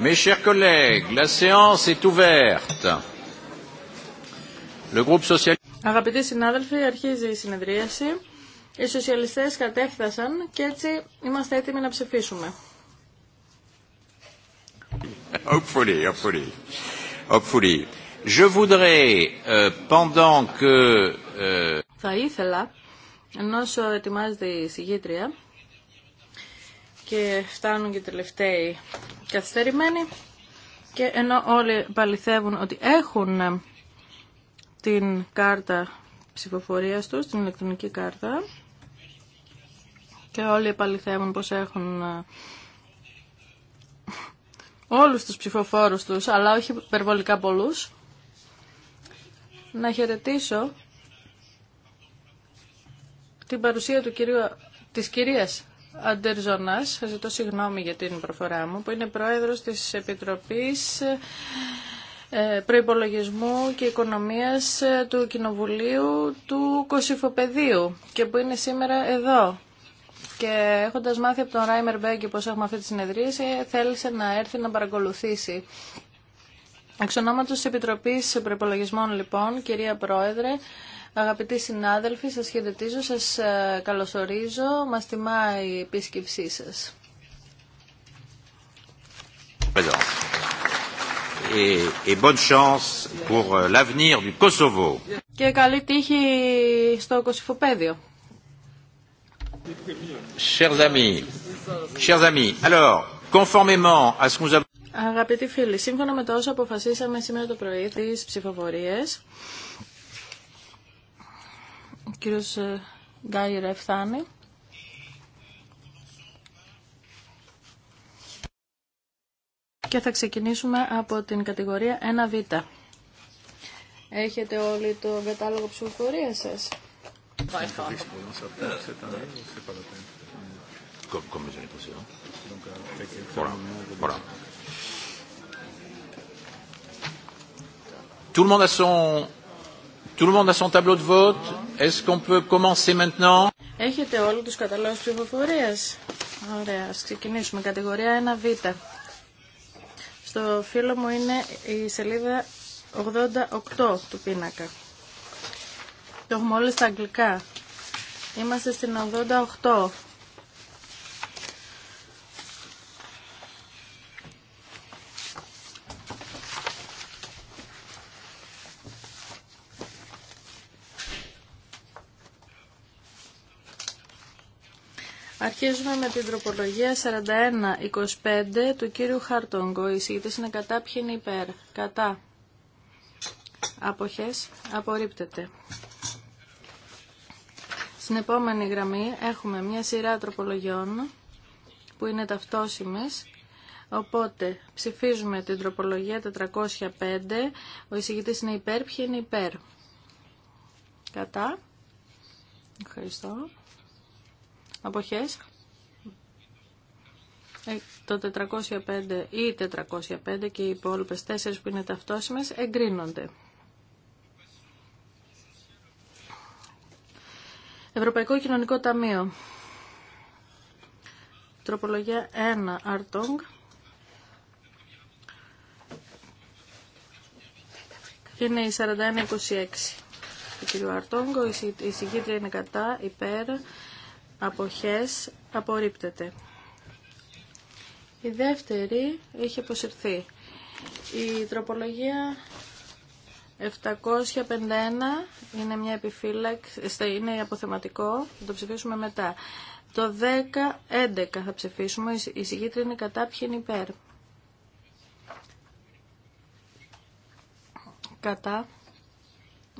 Mes chers collègues, la séance est ouverte. Le groupe social... Αγαπητοί συνάδελφοι, αρχίζει η συνεδρίαση. Οι σοσιαλιστές κατέφθασαν και έτσι είμαστε έτοιμοι να ψηφίσουμε. Hopefully, hopefully. Hopefully. Je voudrais, euh, pendant que... Euh... Θα ήθελα, ενώ ετοιμάζεται η συγγήτρια, και φτάνουν και τελευταίοι καθυστερημένοι και ενώ όλοι παληθεύουν ότι έχουν ε, την κάρτα ψηφοφορίας τους, την ηλεκτρονική κάρτα και όλοι επαληθεύουν πως έχουν ε, όλους τους ψηφοφόρους τους, αλλά όχι υπερβολικά πολλούς. Να χαιρετήσω την παρουσία του κυρίου, της κυρίας Αντερζονάς, ζητώ συγγνώμη για την προφορά μου, που είναι πρόεδρος της Επιτροπής ε, Προϋπολογισμού και Οικονομίας του Κοινοβουλίου του Κωσυφοπεδίου και που είναι σήμερα εδώ. Και έχοντας μάθει από τον Ράιμερ Μπέγκη πως έχουμε αυτή τη συνεδρίαση, θέλησε να έρθει να παρακολουθήσει Εξ ονόματος της Επιτροπής Προπολογισμών, λοιπόν, κυρία Πρόεδρε, αγαπητοί συνάδελφοι, σας χαιρετίζω, σα ε, καλωσορίζω, Μα τιμά η επίσκεψή σας. Euh, Και καλή τύχη στο Κωσυφοπαίδιο. Chers amis, chers amis, alors, conformément à ce que nous avons... Αγαπητοί φίλοι, σύμφωνα με τα όσα αποφασίσαμε σήμερα το πρωί, τις ψηφοφορίες, ο κύριος ε, Γκάιρ Και θα ξεκινήσουμε από την κατηγορία 1β. Έχετε όλοι το κατάλογο ψηφοφορία σας. Comme Tout le monde a son, tout le monde a son tableau de vote. Est-ce qu'on peut commencer maintenant? Έχετε όλους τους καταλόγους ψηφοφορίας. Ωραία, ας ξεκινήσουμε. Κατηγορία 1β. Στο φύλλο μου είναι η σελίδα 88 του πίνακα. Το έχουμε όλοι στα αγγλικά. Είμαστε στην 88. Αρχίζουμε με την τροπολογία 41-25 του κύριου Χαρτόγκο. Η συγκεκριτής είναι κατά, ποιοι υπέρ. Κατά. Αποχές. Απορρίπτεται. Στην επόμενη γραμμή έχουμε μια σειρά τροπολογιών που είναι ταυτόσιμες. Οπότε ψηφίζουμε την τροπολογία 405. Ο εισηγητής είναι υπέρ. Ποιοι είναι υπέρ. Κατά. Ευχαριστώ. Αποχές. Ε, το 405 ή 405 και οι υπόλοιπε 4 που είναι ταυτόσιμες εγκρίνονται. Ευρωπαϊκό Κοινωνικό Ταμείο. Τροπολογία 1 Αρτόγκ. Είναι η 4126 του κ. Αρτόγκ η συγκίτρια είναι κατά, υπέρ, αποχές απορρίπτεται. Η δεύτερη έχει αποσυρθεί. Η τροπολογία 751 είναι μια επιφύλαξη, είναι αποθεματικό, θα το ψηφίσουμε μετά. Το 10-11 θα ψηφίσουμε, η συγκίτρια είναι κατά, ποιον υπέρ. Κατά,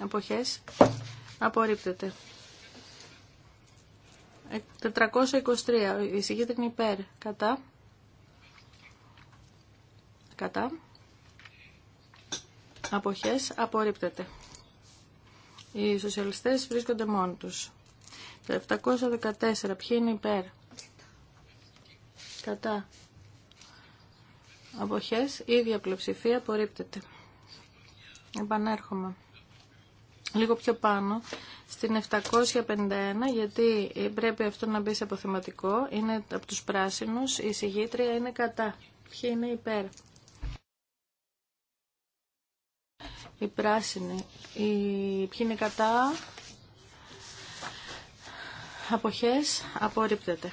αποχές, απορρίπτεται. 423. Η την υπέρ. Κατά. Κατά. Αποχές. Απορρίπτεται. Οι σοσιαλιστές βρίσκονται μόνοι τους. 714. Ποιοι είναι υπέρ. Κατά. Αποχές. Ίδια πλειοψηφία. Απορρίπτεται. Επανέρχομαι λίγο πιο πάνω, στην 751, γιατί πρέπει αυτό να μπει σε αποθεματικό. Είναι από τους πράσινους, η συγγήτρια είναι κατά. Ποιοι είναι υπέρ. Η πράσινη. Η... Ποιοι είναι κατά. Αποχές. Απορρίπτεται.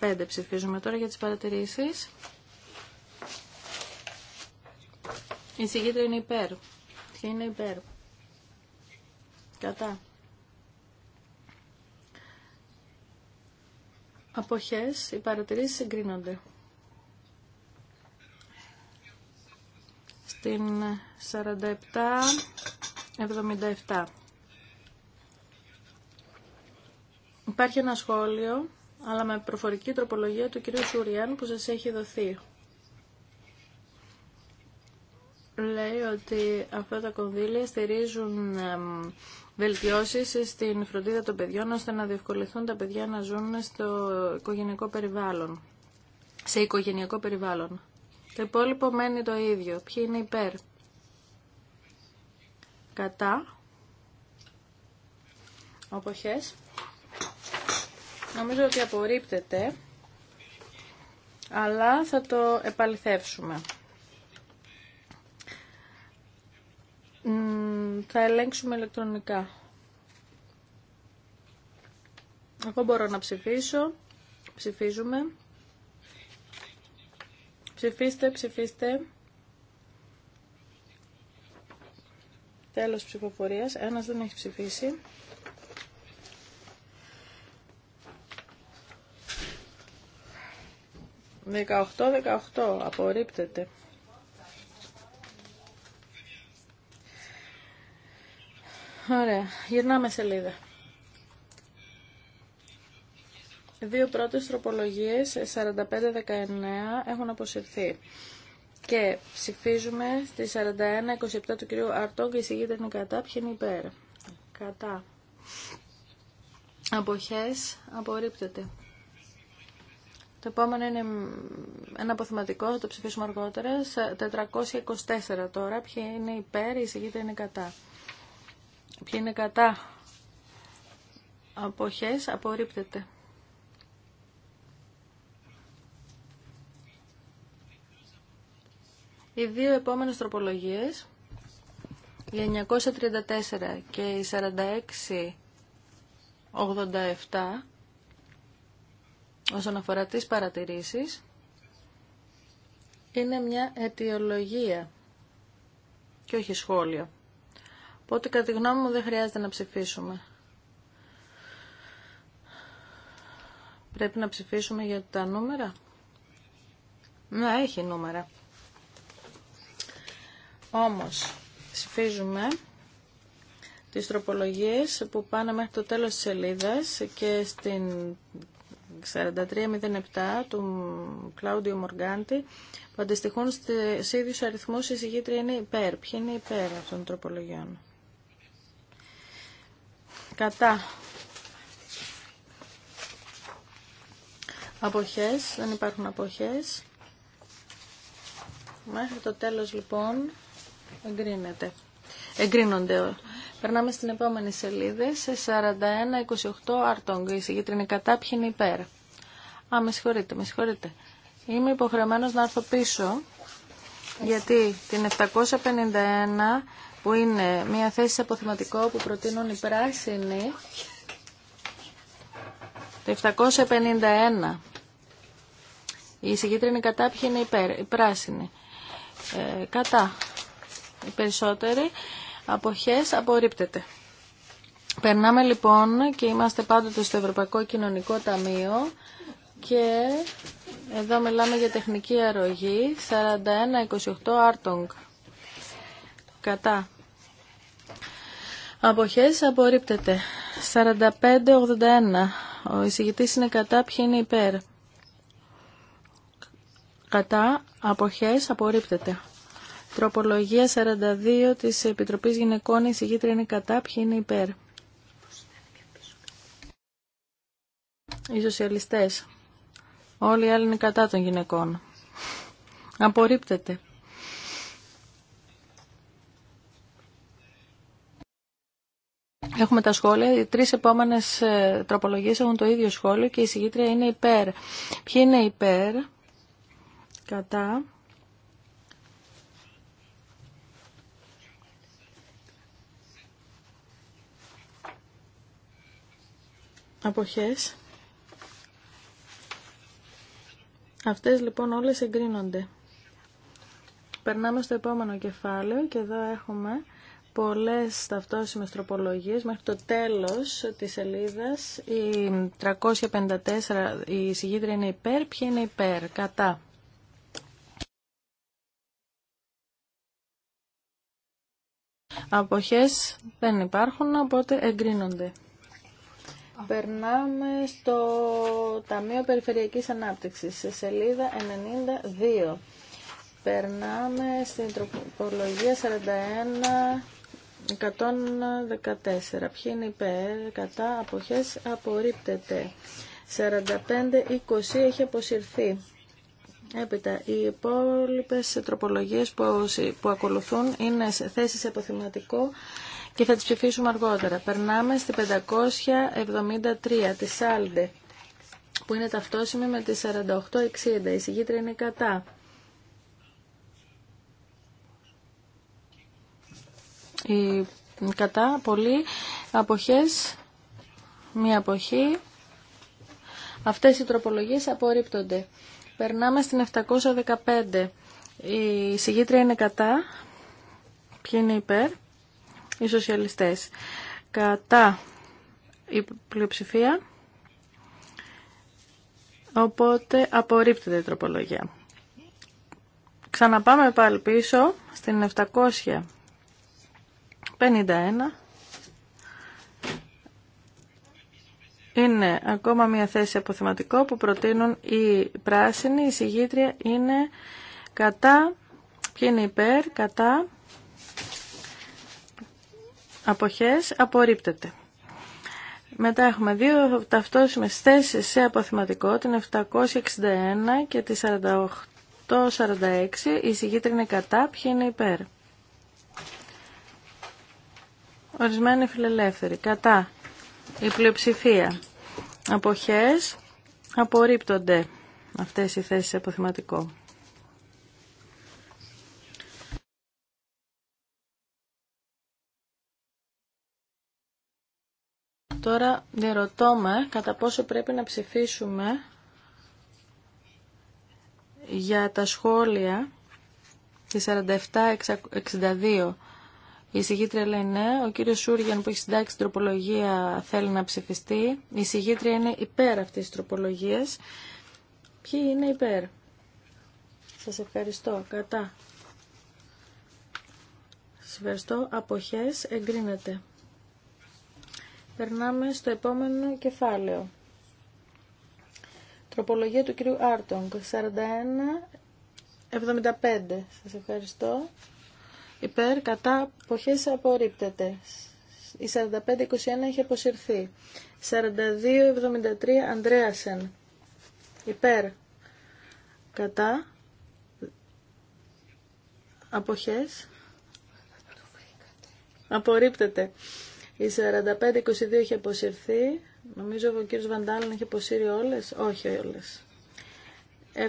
47-55 ψηφίζουμε τώρα για τις παρατηρήσεις. Η συγκίτρια είναι υπέρ. Ποια είναι υπέρ. Κατά. Αποχές, οι παρατηρήσεις συγκρίνονται. Στην 47-77. Υπάρχει ένα σχόλιο, αλλά με προφορική τροπολογία του κυρίου Σουριάν που σας έχει δοθεί. λέει ότι αυτά τα κονδύλια στηρίζουν βελτιώσει στην φροντίδα των παιδιών ώστε να διευκολυθούν τα παιδιά να ζουν στο οικογενειακό περιβάλλον. Σε οικογενειακό περιβάλλον. Το υπόλοιπο μένει το ίδιο. Ποιοι είναι υπέρ. Κατά. Αποχές. Νομίζω ότι απορρίπτεται. Αλλά θα το επαληθεύσουμε. θα ελέγξουμε ηλεκτρονικά. Εγώ μπορώ να ψηφίσω. Ψηφίζουμε. Ψηφίστε, ψηφίστε. Τέλος ψηφοφορίας. Ένας δεν έχει ψηφίσει. 18, 18. Απορρίπτεται. Ωραία. Γυρνάμε σελίδα. Δύο πρώτες τροπολογίες, 45-19, έχουν αποσυρθεί. Και ψηφίζουμε στη 41-27 του κυρίου Αρτόγκ, η συγγύτρια είναι κατά, ποιοι είναι υπέρ. Κατά. Αποχές, απορρίπτεται. Το επόμενο είναι ένα αποθηματικό, θα το ψηφίσουμε αργότερα. 424 τώρα, ποιοι είναι υπέρ, η συγγύτρια είναι κατά. Ποιοι είναι κατά. Αποχές απορρίπτεται. Οι δύο επόμενες τροπολογίες, η 934 και η 4687, όσον αφορά τις παρατηρήσεις, είναι μια αιτιολογία και όχι σχόλιο. Οπότε κατά τη γνώμη μου δεν χρειάζεται να ψηφίσουμε. Πρέπει να ψηφίσουμε για τα νούμερα. Να έχει νούμερα. Όμως ψηφίζουμε τις τροπολογίες που πάνε μέχρι το τέλος της σελίδας και στην 4307 του Κλάουντιο Μοργάντη που αντιστοιχούν στους ίδιους αριθμούς η συγκήτρια είναι υπέρ. Ποιοι είναι υπέρ αυτών των τροπολογιών κατά αποχές, δεν υπάρχουν αποχές. Μέχρι το τέλος λοιπόν εγκρίνεται. εγκρίνονται. Περνάμε στην επόμενη σελίδα, σε 41-28 αρτόγκ. Η συγκεκριμένη κατά ποιοι υπέρ. Α, με συγχωρείτε, με συγχωρείτε. Είμαι υποχρεωμένος να έρθω πίσω, γιατί την 751 που είναι μια θέση σε αποθυματικό που προτείνουν οι πράσινοι το 751 η συγκίτρινη καταπιχη κατά, είναι υπέρ, η πράσινη ε, κατά οι περισσότεροι αποχές απορρίπτεται περνάμε λοιπόν και είμαστε πάντοτε στο Ευρωπαϊκό Κοινωνικό Ταμείο και εδώ μιλάμε για τεχνική αρρωγή 41-28 Άρτογκ κατά αποχές απορρίπτεται 45-81 ο εισηγητής είναι κατά ποιοι είναι υπέρ κατά αποχές απορρίπτεται τροπολογία 42 της Επιτροπής Γυναικών η εισηγήτρια είναι κατά ποιοι είναι υπέρ οι σοσιαλιστές όλοι οι άλλοι είναι κατά των γυναικών απορρίπτεται Έχουμε τα σχόλια. Οι τρει επόμενε τροπολογίε έχουν το ίδιο σχόλιο και η συγκήτρια είναι υπέρ. Ποιοι είναι υπέρ, κατά. Αποχές. Αυτές λοιπόν όλες εγκρίνονται. Περνάμε στο επόμενο κεφάλαιο και εδώ έχουμε πολλές ταυτόσιμες τροπολογίες μέχρι το τέλος της σελίδα. Η 354, η συγκίτρια είναι υπέρ, ποιοι είναι υπέρ, κατά. Αποχές δεν υπάρχουν, οπότε εγκρίνονται. Περνάμε στο Ταμείο Περιφερειακής Ανάπτυξης, σε σελίδα 92. Περνάμε στην τροπολογία 41 114. Ποιοι είναι υπέρ, κατά, αποχές, απορρίπτεται. 45-20 έχει αποσυρθεί. Έπειτα, οι υπόλοιπε τροπολογίες που, που ακολουθούν είναι θέσεις αποθυματικό και θα τις ψηφίσουμε αργότερα. Περνάμε στη 573 τη Σάλντε, που είναι ταυτόσιμη με τη 4860. Η συγκίτρια είναι κατά. κατά, πολύ, αποχές, μία αποχή. Αυτές οι τροπολογίες απορρίπτονται. Περνάμε στην 715. Η συγγήτρια είναι κατά. Ποιοι είναι υπέρ. Οι σοσιαλιστές. Κατά η πλειοψηφία. Οπότε απορρίπτεται η τροπολογία. Ξαναπάμε πάλι πίσω στην 700. 51 είναι ακόμα μια θέση αποθεματικό που προτείνουν οι πράσινοι. Η συγγήτρια είναι κατά, ποιοι είναι υπέρ, κατά, αποχές, απορρίπτεται. Μετά έχουμε δύο ταυτόσιμες θέσεις σε αποθυματικό. την 761 και τη 4846. Η συγγήτρια είναι κατά, ποιοι είναι υπέρ. Ορισμένοι φιλελεύθεροι. Κατά. Η πλειοψηφία. Αποχές. Απορρίπτονται αυτές οι θέσεις αποθυματικό. Τώρα διαρωτώμε κατά πόσο πρέπει να ψηφίσουμε για τα σχόλια τη 47-62 η εισηγήτρια λέει ναι. Ο κύριος Σούριαν που έχει συντάξει τροπολογία θέλει να ψηφιστεί. Η εισηγήτρια είναι υπέρ αυτή τη τροπολογία. Ποιοι είναι υπέρ. Σας ευχαριστώ. Κατά. Σα ευχαριστώ. αποχέ. εγκρίνεται. Περνάμε στο επόμενο κεφάλαιο. Τροπολογία του κυρίου Άρτονγκ. 41-75. Σας ευχαριστώ υπέρ κατά αποχές απορρίπτεται. Η 4521 21 έχει αποσυρθεί. 42-73 Ανδρέασεν υπέρ κατά αποχές απορρίπτεται. Η 4522 22 έχει αποσυρθεί. Νομίζω ο κύριος Βαντάλλων έχει αποσύρει όλες. Όχι όλες. 751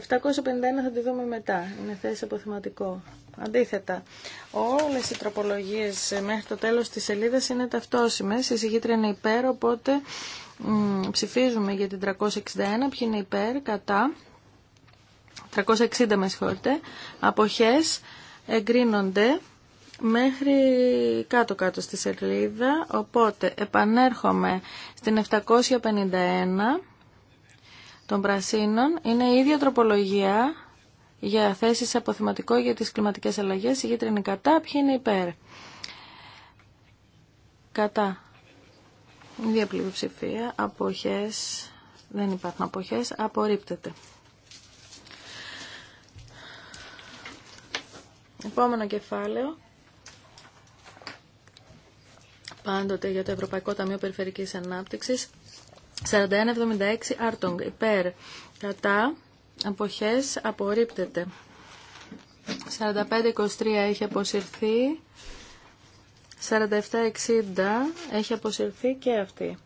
θα τη δούμε μετά. Είναι θέση αποθυματικό. Αντίθετα, όλες οι τροπολογίες μέχρι το τέλος της σελίδας είναι ταυτόσιμες. Η συγκήτρια είναι υπέρ, οπότε μ, ψηφίζουμε για την 361. Ποιοι είναι υπέρ, κατά. 360 με συγχωρείτε. Αποχές εγκρίνονται μέχρι κάτω-κάτω στη σελίδα. Οπότε επανέρχομαι στην 751 των πρασίνων. Είναι η ίδια τροπολογία για θέσεις αποθυματικό για τις κλιματικές αλλαγές. Η γήτρα είναι κατά, ποιοι είναι υπέρ. Κατά. Δύο ψηφία, αποχές, δεν υπάρχουν αποχές, απορρίπτεται. Επόμενο κεφάλαιο. Πάντοτε για το Ευρωπαϊκό Ταμείο Περιφερικής Ανάπτυξης. 4176 Άρτογκ υπέρ κατά αποχές απορρίπτεται. 45-23 έχει αποσυρθεί. 47-60 έχει αποσυρθεί και αυτή.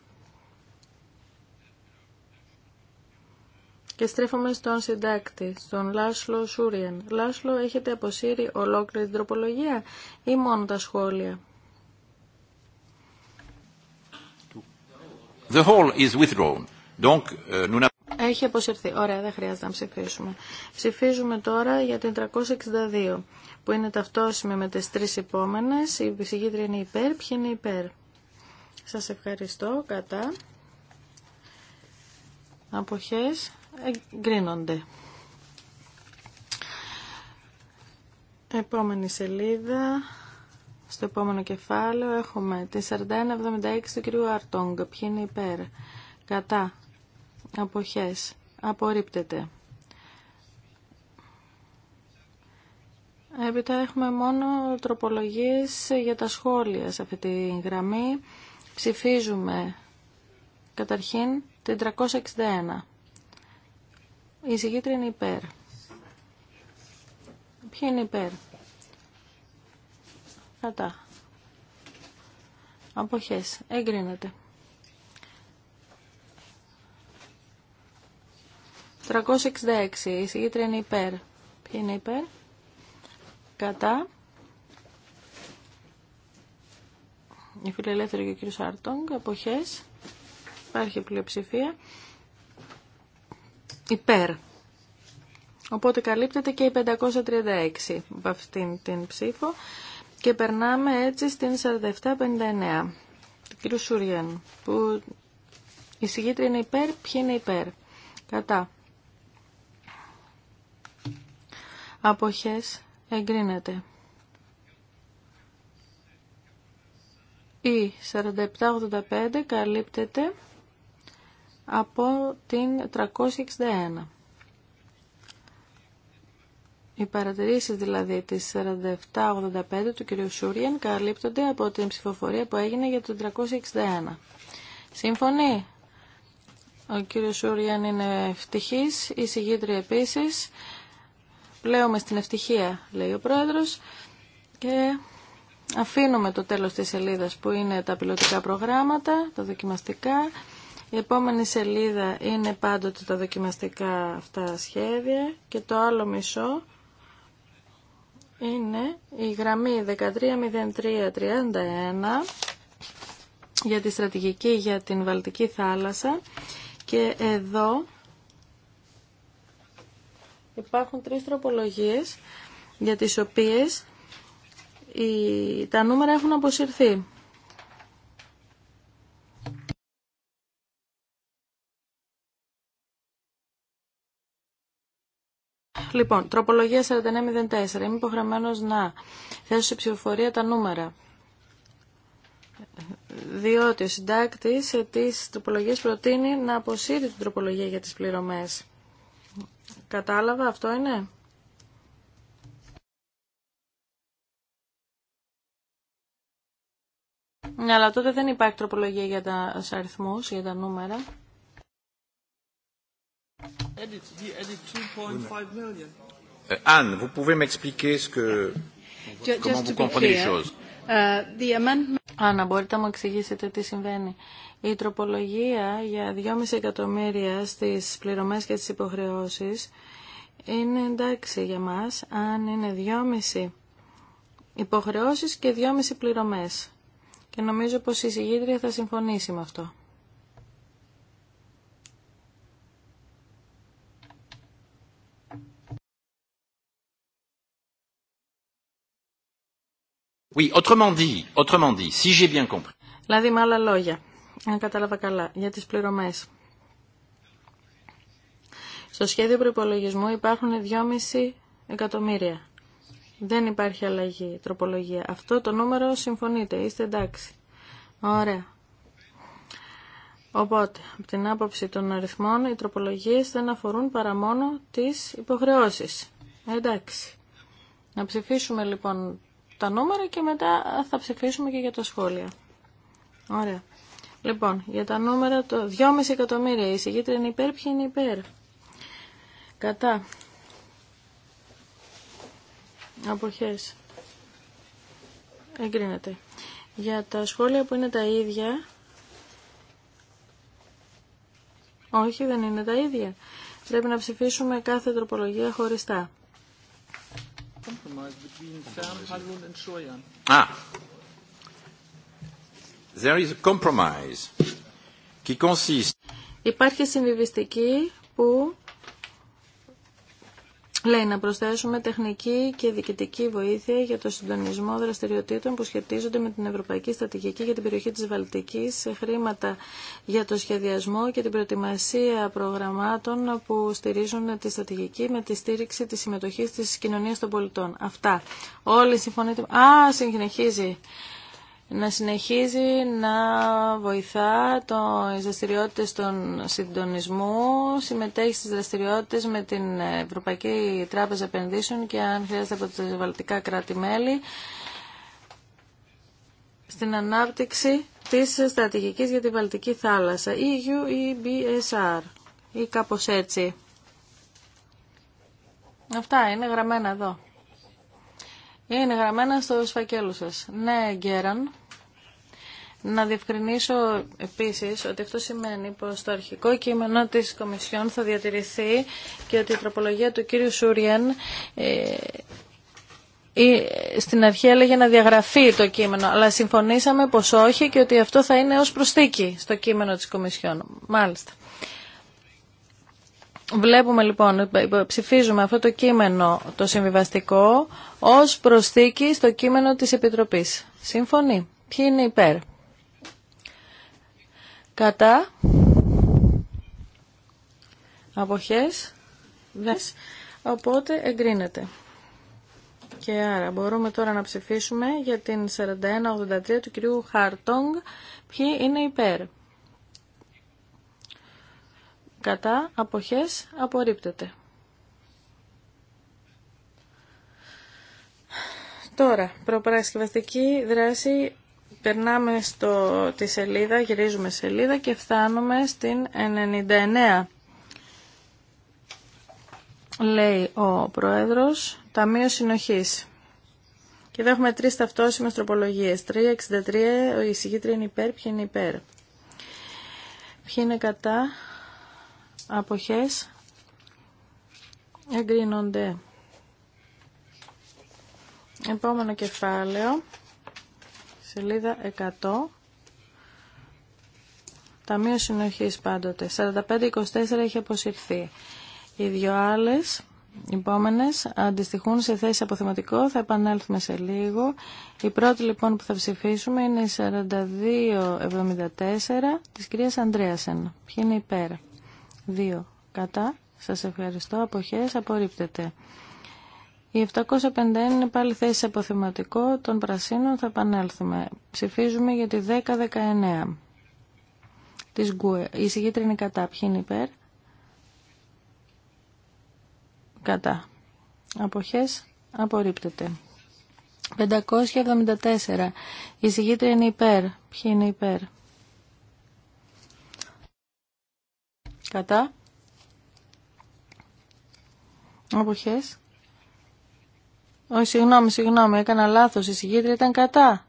Και στρέφομαι στον συντάκτη, στον Λάσλο Σούριεν. Λάσλο, έχετε αποσύρει ολόκληρη την τροπολογία ή μόνο τα σχόλια. The whole is withdrawn. Donc, euh, έχει αποσυρθεί. Ωραία, δεν χρειάζεται να ψηφίσουμε. Ψηφίζουμε τώρα για την 362, που είναι ταυτόσιμη με τις τρεις επόμενες. Η ψηγήτρια είναι υπέρ. Ποιοι είναι υπέρ. Σας ευχαριστώ. Κατά. Αποχές εγκρίνονται. Επόμενη σελίδα. Στο επόμενο κεφάλαιο έχουμε τη 4176 του κ. Αρτόγκ. Ποιοι είναι υπέρ. Κατά αποχές απορρίπτεται. Έπειτα έχουμε μόνο τροπολογίες για τα σχόλια σε αυτή τη γραμμή. Ψηφίζουμε καταρχήν την 361. Η συγκήτρια είναι υπέρ. Ποια είναι υπέρ. Κατά. Αποχές. Εγκρίνεται. 366. Η συγγήτρια είναι υπέρ. Ποιοι είναι υπέρ. Κατά. Η φιλελεύθερη και ο κύριος Άρτογκ. Αποχές. Υπάρχει πλειοψηφία. Υπέρ. Οπότε καλύπτεται και η 536 από αυτήν την ψήφο. Και περνάμε έτσι στην 4759 του κύριου Σούριαν. Που η συγγήτρια είναι υπέρ. Ποιοι είναι υπέρ. Κατά. αποχές εγκρίνεται. Η 4785 καλύπτεται από την 361. Οι παρατηρήσεις δηλαδή της 4785 του κ. Σούριαν καλύπτονται από την ψηφοφορία που έγινε για το 361. Σύμφωνοι, ο κ. Σούριαν είναι ευτυχής, η συγγήτρια επίσης πλέουμε στην ευτυχία, λέει ο πρόεδρος, και αφήνουμε το τέλος της σελίδας που είναι τα πιλωτικά προγράμματα, τα δοκιμαστικά. Η επόμενη σελίδα είναι πάντοτε τα δοκιμαστικά αυτά σχέδια και το άλλο μισό είναι η γραμμή 130331 για τη στρατηγική για την Βαλτική θάλασσα και εδώ Υπάρχουν τρεις τροπολογίες για τις οποίες οι... τα νούμερα έχουν αποσυρθεί. Λοιπόν, τροπολογία 4904. Είμαι υποχρεωμένο να θέσω σε ψηφοφορία τα νούμερα. Διότι ο συντάκτη τη τροπολογία προτείνει να αποσύρει την τροπολογία για τι πληρωμές. Κατάλαβα, αυτό είναι. Ναι, αλλά τότε δεν υπάρχει τροπολογία για τα αριθμού, για τα νούμερα. Ε, Anne, vous pouvez m'expliquer ce que, comment vous comprenez les choses. Uh, Άννα, μπορείτε να μου εξηγήσετε τι συμβαίνει. Η τροπολογία για 2,5 εκατομμύρια στις πληρωμές και τις υποχρεώσεις είναι εντάξει για μας αν είναι 2,5 υποχρεώσεις και 2,5 πληρωμές. Και νομίζω πως η συγγήτρια θα συμφωνήσει με αυτό. Oui, autrement dit, autrement dit, si j'ai bien compris. Δηλαδή με άλλα λόγια αν ε, κατάλαβα καλά, για τις πληρωμές. Στο σχέδιο προϋπολογισμού υπάρχουν 2,5 εκατομμύρια. Δεν υπάρχει αλλαγή, τροπολογία. Αυτό το νούμερο συμφωνείτε, είστε εντάξει. Ωραία. Οπότε, από την άποψη των αριθμών, οι τροπολογίες δεν αφορούν παρά μόνο τις υποχρεώσεις. Εντάξει. Να ψηφίσουμε λοιπόν τα νούμερα και μετά θα ψηφίσουμε και για τα σχόλια. Ωραία. Λοιπόν, για τα νούμερα, το 2,5 εκατομμύρια. Η συγκίτρια είναι υπέρ, ποιοι είναι υπέρ. Κατά. Αποχές. Εγκρίνεται. Για τα σχόλια που είναι τα ίδια... Όχι, δεν είναι τα ίδια. Πρέπει να ψηφίσουμε κάθε τροπολογία χωριστά. Α, Υπάρχει συμβιβιστική που λέει να προσθέσουμε τεχνική και διοικητική βοήθεια για το συντονισμό δραστηριοτήτων που σχετίζονται με την Ευρωπαϊκή Στατηγική για την περιοχή της Βαλτικής, χρήματα για το σχεδιασμό και την προετοιμασία προγραμμάτων που στηρίζουν τη στατηγική με τη στήριξη της συμμετοχής της κοινωνίας των πολιτών. Αυτά. Όλοι συμφωνείτε. Α, συνεχίζει να συνεχίζει να βοηθά τις δραστηριότητες των συντονισμού, συμμετέχει στις δραστηριότητες με την Ευρωπαϊκή Τράπεζα Επενδύσεων και αν χρειάζεται από τα βαλτικά κράτη-μέλη στην ανάπτυξη της στρατηγικής για τη Βαλτική Θάλασσα, EU ή e ή κάπως έτσι. Αυτά είναι γραμμένα εδώ. Είναι γραμμένα στο σφακέλο σας. Ναι, Γκέραν. Να διευκρινίσω επίσης ότι αυτό σημαίνει πως το αρχικό κείμενο της Κομισιόν θα διατηρηθεί και ότι η τροπολογία του κύριου Σούριαν ε, στην αρχή έλεγε να διαγραφεί το κείμενο, αλλά συμφωνήσαμε πως όχι και ότι αυτό θα είναι ως προσθήκη στο κείμενο της Κομισιόν. Μάλιστα. Βλέπουμε λοιπόν, ψηφίζουμε αυτό το κείμενο το συμβιβαστικό ως προσθήκη στο κείμενο της Επιτροπής. Σύμφωνοι. Ποιοι είναι υπέρ. Κατά. Αποχές. Δες. Οπότε εγκρίνεται. Και άρα μπορούμε τώρα να ψηφίσουμε για την 4183 του κυρίου Χαρτόγκ. Ποιοι είναι υπέρ κατά αποχές απορρίπτεται. Τώρα, προπαρασκευαστική δράση, περνάμε στο, τη σελίδα, γυρίζουμε σελίδα και φτάνουμε στην 99. Λέει ο Πρόεδρος, Ταμείο Συνοχής. Και εδώ έχουμε τρεις ταυτόσιμες τροπολογίες. 3, 63, ο εισηγήτρια είναι υπέρ, ποιοι είναι υπέρ. Ποιοι είναι κατά, αποχές εγκρίνονται. Επόμενο κεφάλαιο, σελίδα 100. Ταμείο συνοχής πάντοτε. 45-24 έχει αποσυρθεί. Οι δύο άλλες, οι επόμενες, αντιστοιχούν σε θέση αποθεματικό. Θα επανέλθουμε σε λίγο. Η πρώτη λοιπόν που θα ψηφίσουμε είναι η 42-74 της κυρίας Ανδρέασεν. Ποιοι είναι υπέρ. 2 κατά. Σας ευχαριστώ. Αποχές απορρίπτεται. Η 751 είναι πάλι θέση σε αποθεματικό των πρασίνων. Θα επανέλθουμε. Ψηφίζουμε για τη 10-19 της Γκουε. Η συγκίτρινη κατά. Ποιοι είναι υπέρ. Κατά. Αποχές απορρίπτεται. 574. Η συγκίτρινη υπέρ. Ποιοι είναι υπέρ. κατά αποχές όχι συγγνώμη συγγνώμη έκανα λάθος η συγκίτρια ήταν κατά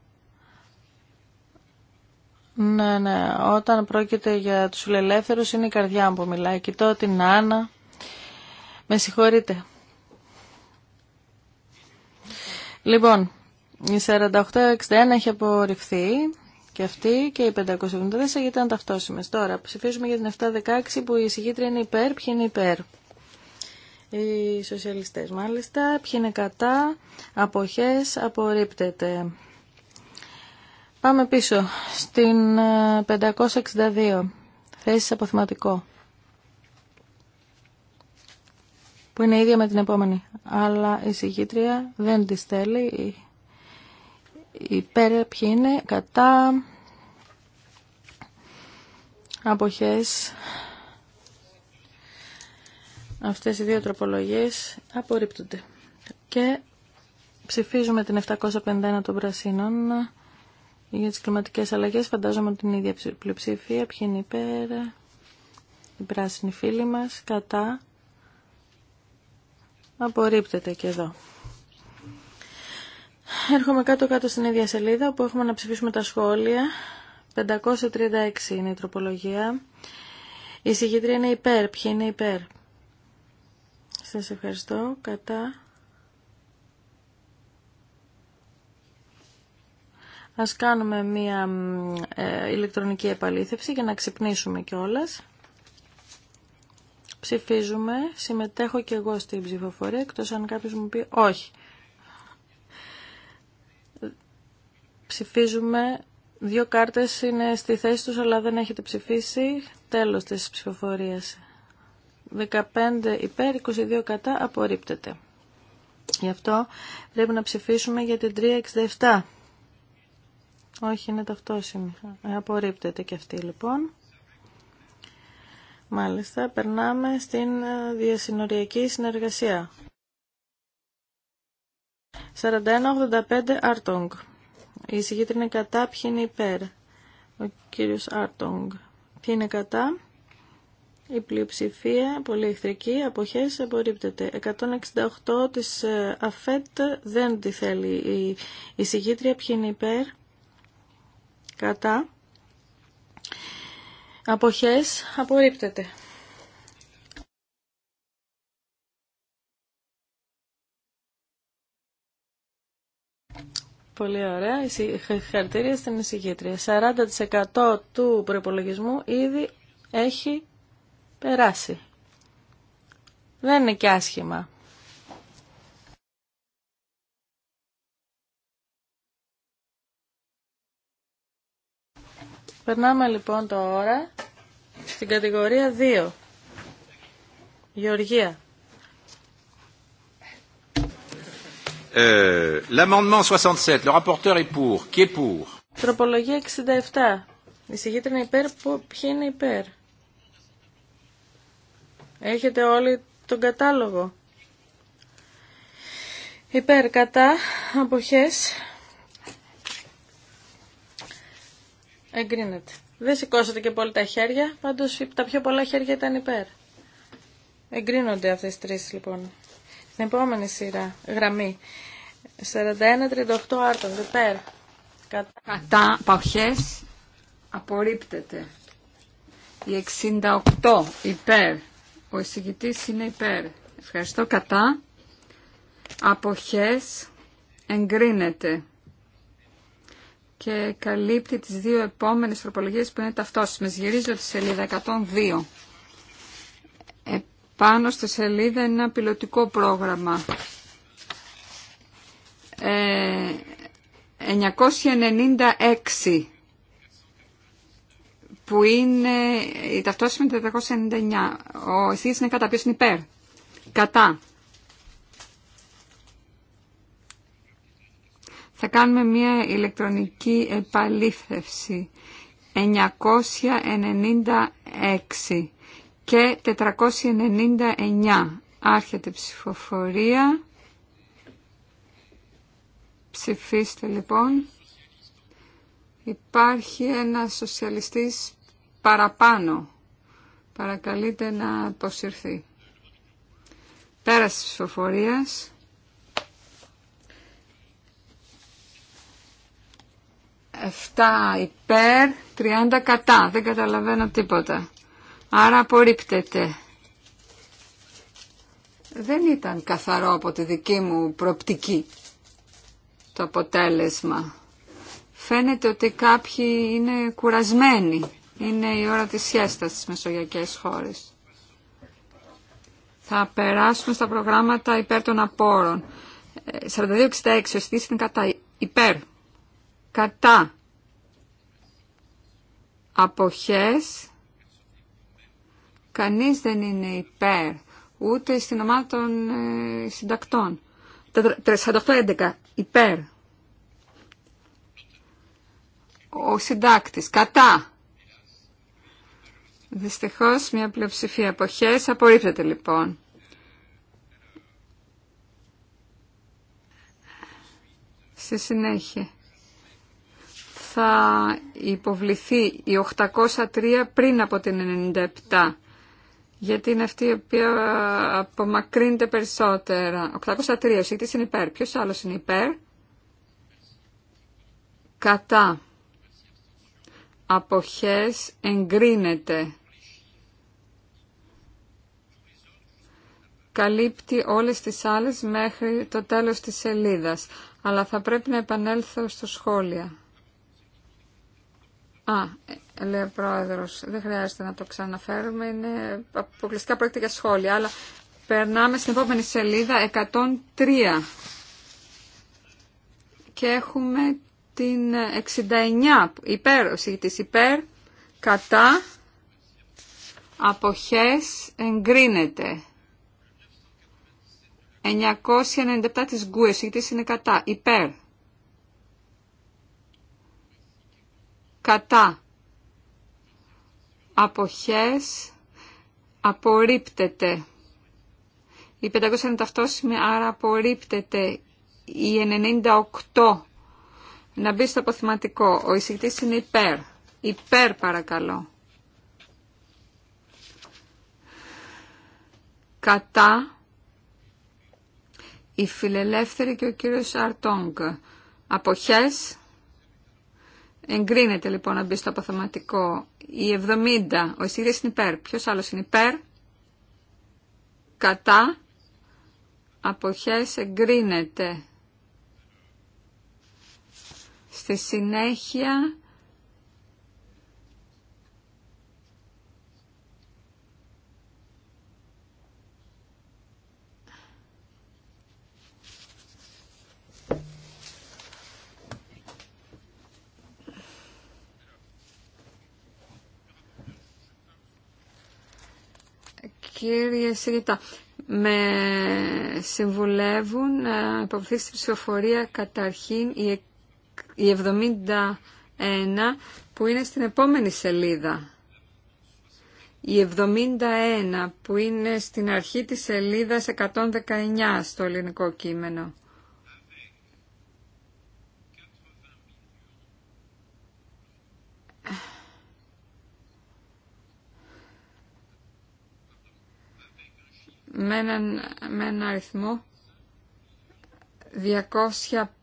ναι, ναι. Όταν πρόκειται για τους φιλελεύθερους είναι η καρδιά μου που μιλάει. Κοιτώ την Άννα. Με συγχωρείτε. Λοιπόν, η 4861 έχει απορριφθεί και αυτή και η 574 γιατί ήταν ταυτόσιμε. Τώρα ψηφίζουμε για την 716 που η συγκήτρια είναι υπέρ. Ποιοι είναι υπέρ. Οι σοσιαλιστέ μάλιστα. Ποιοι είναι κατά. Αποχές. Απορρίπτεται. Πάμε πίσω στην 562. θέση αποθυματικό. Που είναι ίδια με την επόμενη. Αλλά η συγκήτρια δεν τη θέλει υπέρ, ποιοι είναι κατά αποχές. Αυτές οι δύο τροπολογίες απορρίπτονται. Και ψηφίζουμε την 751 των Πρασίνων για τις κλιματικές αλλαγές. Φαντάζομαι την ίδια πλειοψηφία. Ποιοι είναι υπέρ, οι πράσινοι φίλοι μας, κατά. Απορρίπτεται και εδώ. Έρχομαι κάτω-κάτω στην ίδια σελίδα που έχουμε να ψηφίσουμε τα σχόλια. 536 είναι η τροπολογία. Η συγκεντρία είναι υπέρ. Ποιοι είναι υπέρ. Σας ευχαριστώ. Κατά. Ας κάνουμε μία ε, ηλεκτρονική επαλήθευση για να ξυπνήσουμε κιόλας. Ψηφίζουμε. Συμμετέχω κι εγώ στην ψηφοφορία, εκτός αν κάποιος μου πει όχι. Ψηφίζουμε. Δύο κάρτες είναι στη θέση τους, αλλά δεν έχετε ψηφίσει. Τέλος της ψηφοφορίας. 15 υπέρ, 22 κατά, απορρίπτεται. Γι' αυτό πρέπει να ψηφίσουμε για την 367. Όχι, είναι ταυτόσιμη. Ε, απορρίπτεται και αυτή λοιπόν. Μάλιστα, περνάμε στην ε, διασυνοριακή συνεργασία. 41-85 Αρτόγκ. Η εισηγήτρια είναι κατά, ποιοι είναι υπέρ. Ο κύριος Άρτογκ. Ποιοι είναι κατά. Η πλειοψηφία, πολύ εχθρική, αποχές απορρίπτεται. 168 της ε, ΑΦΕΤ δεν τη θέλει η εισηγήτρια. Ποιοι είναι υπέρ. Κατά. Αποχές απορρίπτεται. Πολύ ωραία. Χαρακτηρία στην εισηγήτρια. 40% του προπολογισμού ήδη έχει περάσει. Δεν είναι και άσχημα. Περνάμε λοιπόν τώρα στην κατηγορία 2. Γεωργία. Euh, l'amendement 67, le rapporteur est pour. Qui est pour? Τροπολογία 67. Η συγκίτρια είναι υπέρ. Ποιοι είναι υπέρ? Έχετε όλοι τον κατάλογο. Υπέρ, κατά, αποχές. Εγκρίνεται. Δεν σηκώσατε και πολύ τα χέρια, πάντως τα πιο πολλά χέρια ήταν υπέρ. Εγκρίνονται αυτές τις τρεις λοιπόν. Στην επόμενη σειρά, γραμμή. 41-38 Κατά, Κατά παχές απορρίπτεται. Η 68 υπέρ. Ο εισηγητής είναι υπέρ. Ευχαριστώ. Κατά αποχές εγκρίνεται και καλύπτει τις δύο επόμενες τροπολογίες που είναι ταυτόσιμες. Γυρίζω τη σελίδα 102 πάνω στη σελίδα είναι ένα πιλωτικό πρόγραμμα. 996 ε, που είναι η ταυτόσημη 499. Ο εισήγης είναι κατά ποιος είναι υπέρ. Κατά. Θα κάνουμε μια ηλεκτρονική επαλήθευση. 996 και 499 άρχεται ψηφοφορία. Ψηφίστε λοιπόν. Υπάρχει ένα σοσιαλιστής παραπάνω. Παρακαλείτε να αποσυρθεί. Πέραση της ψηφοφορίας. Εφτά υπέρ, 30 κατά. Δεν καταλαβαίνω τίποτα. Άρα απορρίπτεται. Δεν ήταν καθαρό από τη δική μου προπτική το αποτέλεσμα. Φαίνεται ότι κάποιοι είναι κουρασμένοι. Είναι η ώρα της σιέστας στις μεσογειακές χώρες. Θα περάσουμε στα προγράμματα υπέρ των απόρων. 42-66, ε, ο είναι κατά υπέρ. Κατά αποχές Κανείς δεν είναι υπέρ, ούτε στην ομάδα των ε, συντακτών. υπέρ. Ο συντάκτης κατά. Δυστυχώς μια πλειοψηφία εποχές απορρίπτεται λοιπόν. Στη συνέχεια θα υποβληθεί η 803 πριν από την 97 γιατί είναι αυτή η οποία απομακρύνεται περισσότερα. 803, ο σύγκτης είναι υπέρ. Ποιος άλλος είναι υπέρ. Κατά. Αποχές εγκρίνεται. Καλύπτει όλες τις άλλες μέχρι το τέλος της σελίδας. Αλλά θα πρέπει να επανέλθω στο σχόλια. Α, λέει ο πρόεδρος, δεν χρειάζεται να το ξαναφέρουμε, είναι αποκλειστικά πρόκειται για σχόλια, αλλά περνάμε στην επόμενη σελίδα 103 και έχουμε την 69 υπέρ, ο συγητής υπέρ, κατά, αποχές, εγκρίνεται. 997 της γκουε, ο είναι κατά, υπέρ. κατά αποχές απορρίπτεται. Η 598η, άρα απορρίπτεται ταυτόσημη άρα απορρίπτεται. Η 98 να μπει στο αποθηματικό. Ο εισηγητής είναι υπέρ. Υπέρ παρακαλώ. Κατά η φιλελεύθερη και ο κύριος Αρτόγκ. Αποχές Εγκρίνεται λοιπόν να μπει στο αποθεματικό η 70. Ο εισηγητής είναι υπέρ. Ποιο άλλο είναι υπέρ. Κατά. Αποχές εγκρίνεται. Στη συνέχεια κύριε Σιγητά, με συμβουλεύουν να ε, υποβληθεί τη ψηφοφορία καταρχήν η 71 που είναι στην επόμενη σελίδα. Η 71 που είναι στην αρχή της σελίδας 119 στο ελληνικό κείμενο. με έναν, αριθμό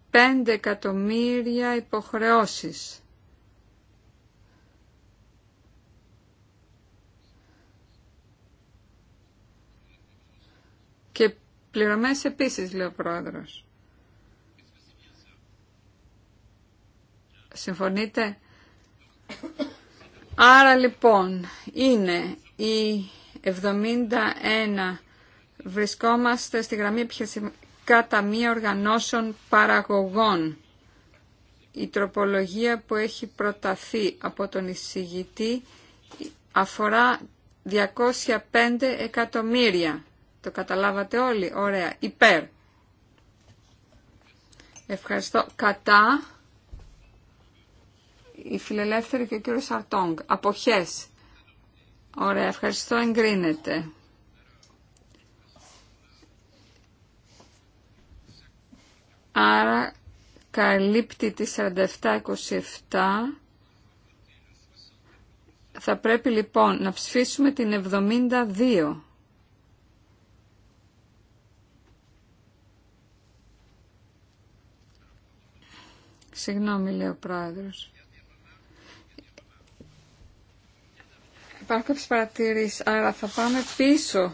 205 εκατομμύρια υποχρεώσεις. Και πληρωμές επίσης, λέει ο Πρόεδρος. Συμφωνείτε? Άρα λοιπόν είναι η 71 Βρισκόμαστε στη γραμμή κατά μία οργανώσεων παραγωγών. Η τροπολογία που έχει προταθεί από τον εισηγητή αφορά 205 εκατομμύρια. Το καταλάβατε όλοι. Ωραία. Υπέρ. Ευχαριστώ. Κατά. Η φιλελεύθερη και ο κύριος Αρτόγκ. Αποχές. Ωραία. Ευχαριστώ. Εγκρίνεται. άρα καλύπτει τη 47-27, Θα πρέπει λοιπόν να ψηφίσουμε την 72. Συγγνώμη, λέει ο πρόεδρος. Υπάρχουν κάποιες παρατηρήσεις, άρα θα πάμε πίσω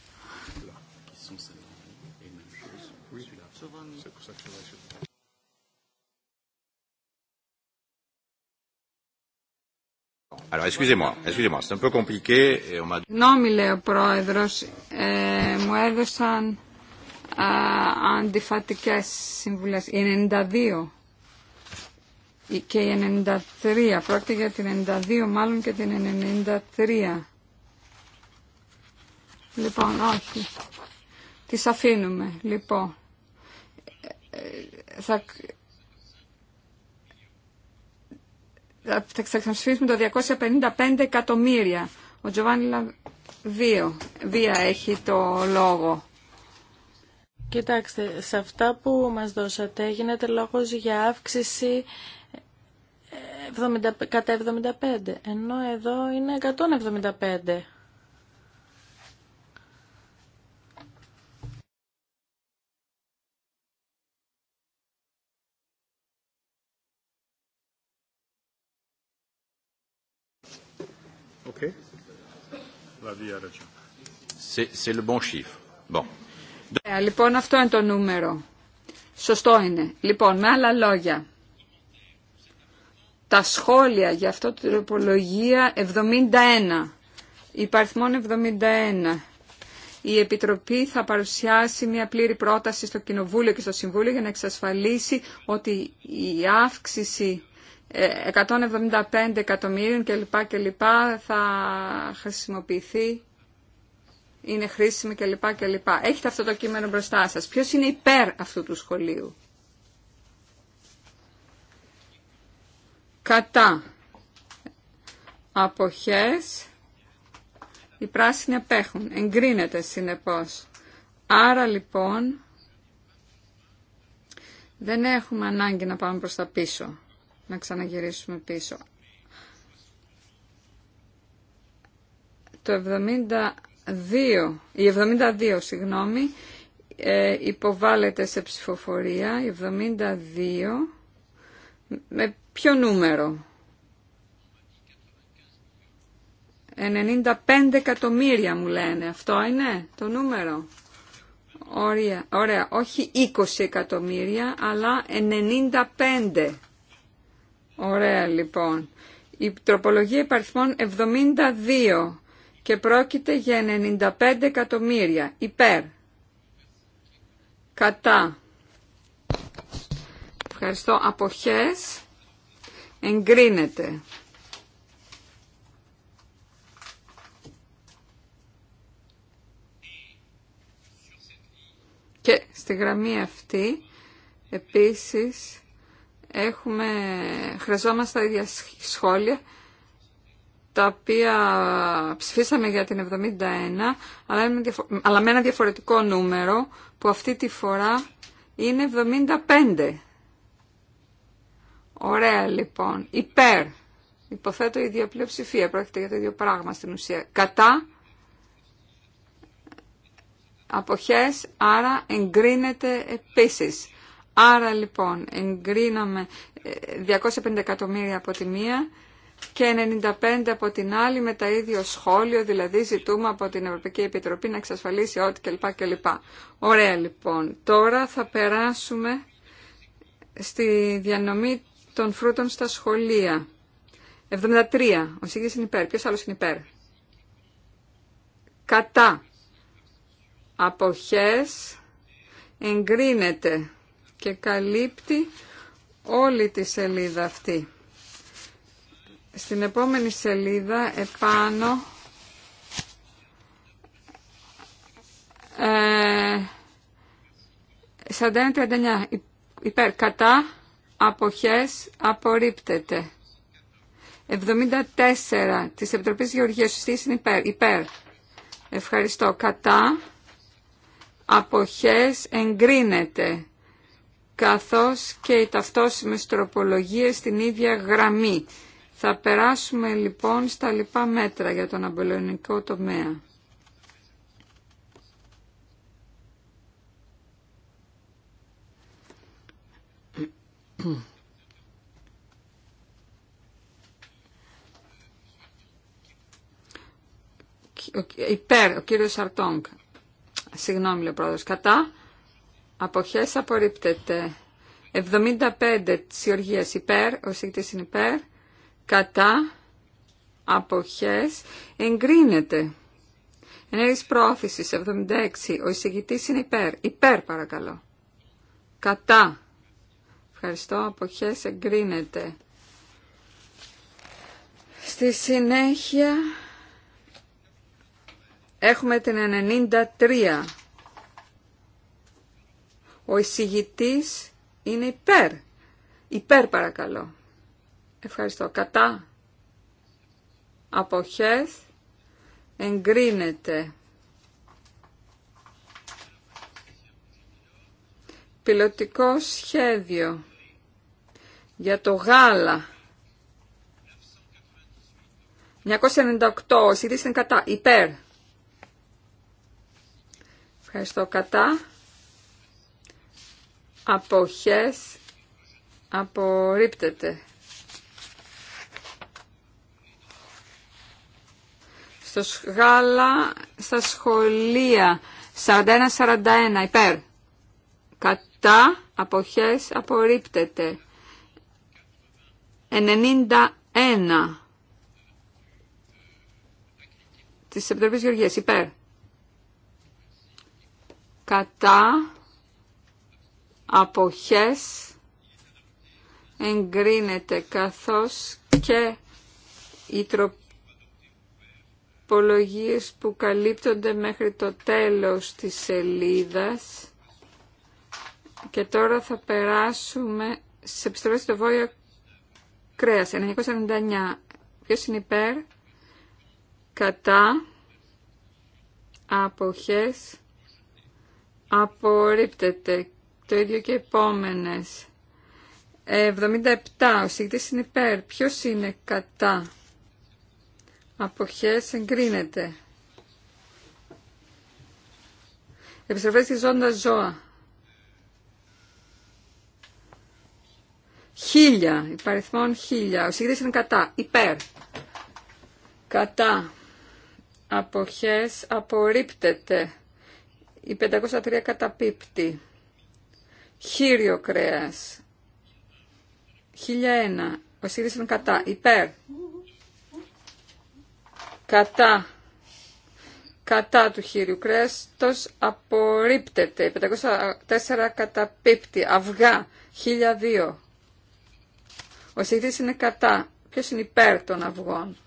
Συγγνώμη, λέει ο πρόεδρο. ε, μου έδωσαν ε, συμβουλέ. Η 92 και η 93. Πρόκειται για την 92 μάλλον και την 93. Λοιπόν, όχι. Τις αφήνουμε. Λοιπόν, ε, ε, θα Ε, θα ξαναψηφίσουμε το 255 εκατομμύρια. Ο Τζοβάνι Λαβίο Βία έχει το λόγο. Κοιτάξτε, σε αυτά που μας δώσατε γίνεται λόγος για αύξηση 70, ε, κατά 75, ενώ εδώ είναι 175. Ε, λοιπόν, αυτό είναι το νούμερο. Σωστό είναι. Λοιπόν, με άλλα λόγια, τα σχόλια για αυτό την τροπολογία 71, υπαριθμόν 71, η Επιτροπή θα παρουσιάσει μια πλήρη πρόταση στο Κοινοβούλιο και στο Συμβούλιο για να εξασφαλίσει ότι η αύξηση 175 εκατομμύριων κλπ. κλπ. θα χρησιμοποιηθεί, είναι χρήσιμη κλπ. κλπ. Έχετε αυτό το κείμενο μπροστά σας. Ποιος είναι υπέρ αυτού του σχολείου. Κατά αποχές οι πράσινοι απέχουν. Εγκρίνεται συνεπώς. Άρα λοιπόν δεν έχουμε ανάγκη να πάμε προς τα πίσω να ξαναγυρίσουμε πίσω. Το 72, η 72, συγγνώμη, ε, υποβάλλεται σε ψηφοφορία, 72, με ποιο νούμερο. 95 εκατομμύρια μου λένε. Αυτό είναι το νούμερο. Ωραία, ωραία. όχι 20 εκατομμύρια, αλλά 95 Ωραία λοιπόν. Η τροπολογία υπαριθμών 72 και πρόκειται για 95 εκατομμύρια υπέρ. Κατά. Ευχαριστώ. Αποχές. Εγκρίνεται. Και στη γραμμή αυτή επίσης έχουμε, χρειαζόμαστε τα ίδια σχόλια τα οποία ψηφίσαμε για την 71 αλλά με ένα διαφορετικό νούμερο που αυτή τη φορά είναι 75. Ωραία λοιπόν. Υπέρ. Υποθέτω η ίδια πλειοψηφία. Πρόκειται για το ίδιο πράγμα στην ουσία. Κατά. Αποχές. Άρα εγκρίνεται επίσης. Άρα λοιπόν εγκρίναμε 250 ε, εκατομμύρια από τη μία και 95 από την άλλη με τα ίδια σχόλια. δηλαδή ζητούμε από την Ευρωπαϊκή Επιτροπή να εξασφαλίσει ό,τι κλπ. κλπ. Ωραία λοιπόν. Τώρα θα περάσουμε στη διανομή των φρούτων στα σχολεία. 73. Ο Σίγης είναι υπέρ. Ποιος άλλος είναι υπέρ. Κατά. Αποχές. Εγκρίνεται και καλύπτει όλη τη σελίδα αυτή. Στην επόμενη σελίδα επάνω ε, 41-39 υπέρ κατά αποχές απορρίπτεται. 74 της Επιτροπής Γεωργίας Συστής είναι υπέρ. υπέρ. Ευχαριστώ. Κατά αποχές εγκρίνεται καθώς και οι ταυτόσιμες τροπολογίες στην ίδια γραμμή. Θα περάσουμε λοιπόν στα λοιπά μέτρα για τον αμπελονικό τομέα. Υπέρ, ο κύριος Σαρτόγκ. Συγγνώμη, λέει ο πρόεδρος. Κατά, αποχές απορρίπτεται. 75 της υπέρ, ο σύγκτης είναι υπέρ, κατά, αποχές, εγκρίνεται. Ενέργειες πρόθεσης 76, ο εισηγητής είναι υπέρ, υπέρ παρακαλώ. Κατά. Ευχαριστώ, αποχές εγκρίνεται. Στη συνέχεια έχουμε την 93 ο εισηγητής είναι υπέρ. Υπέρ παρακαλώ. Ευχαριστώ. Κατά. Αποχές. Εγκρίνεται. Πιλωτικό σχέδιο για το γάλα. 998. Ο κατά. Υπέρ. Ευχαριστώ. Κατά αποχές απορρίπτεται. Στο γάλα στα σχολεία, 41-41, υπέρ. Κατά, αποχές, απορρίπτεται. 91 της Επιτροπής Γεωργίας, υπέρ. Κατά, αποχές εγκρίνεται καθώς και οι τροπολογίες που καλύπτονται μέχρι το τέλος της σελίδας και τώρα θα περάσουμε σε επιστροφές στο βόλιο Κρέας 999. ποιος είναι υπέρ κατά αποχές απορρίπτεται το ίδιο και επόμενε. 77. Ε, ο είναι υπέρ. Ποιος είναι κατά. Αποχές εγκρίνεται. Επιστροφές τη ζώντα ζώα. Χίλια. Υπαριθμόν χίλια. Ο είναι κατά. Υπέρ. Κατά. Αποχές απορρίπτεται. Η 503 καταπίπτει χείριο κρέας. 1001. Ο είναι κατά. Υπέρ. Κατά. Κατά του χείριου κρέαστος απορρίπτεται. 504 καταπίπτει. Αυγά. 1002. Ο Σύρης είναι κατά. Ποιος είναι υπέρ των αυγών.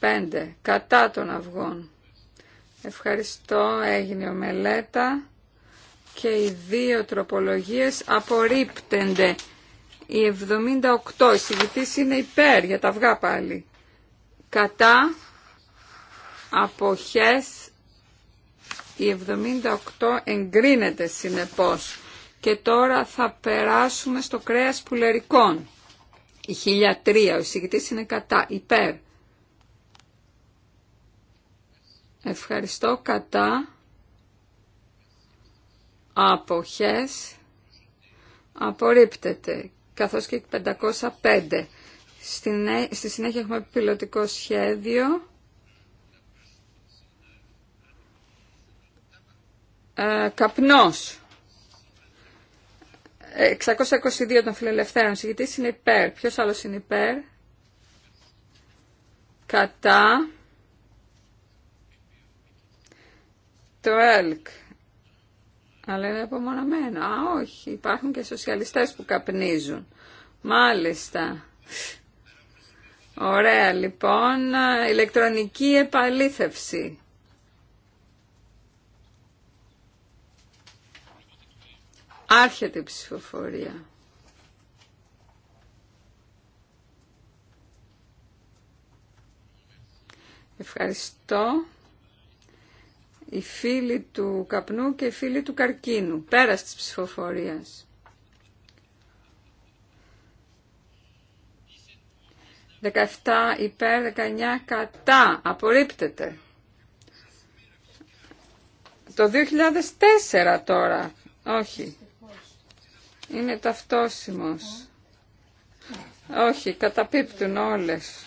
5. Κατά των αυγών. Ευχαριστώ. Έγινε ο μελέτα και οι δύο τροπολογίες απορρίπτενται. Η 78 εισηγητής είναι υπέρ για τα αυγά πάλι. Κατά αποχές η 78 εγκρίνεται συνεπώς. Και τώρα θα περάσουμε στο κρέας πουλερικών. Η 1003 ο εισηγητής είναι κατά, υπέρ. Ευχαριστώ κατά αποχές απορρίπτεται, καθώς και 505. Στη συνέχεια έχουμε πιλωτικό σχέδιο. Ε, καπνός. 622 των φιλελευθέρων συγκητής είναι υπέρ. Ποιος άλλος είναι υπέρ. Κατά. Το ΕΛΚ. Αλλά είναι απομονωμένο. Α, όχι. Υπάρχουν και σοσιαλιστές που καπνίζουν. Μάλιστα. Ωραία, λοιπόν. Ηλεκτρονική επαλήθευση. Άρχεται η ψηφοφορία. Ευχαριστώ οι φίλοι του καπνού και οι φίλοι του καρκίνου, πέρας της ψηφοφορίας. 17 υπέρ, 19 κατά, απορρίπτεται. Το 2004 τώρα, όχι, είναι ταυτόσιμος. Όχι, καταπίπτουν όλες.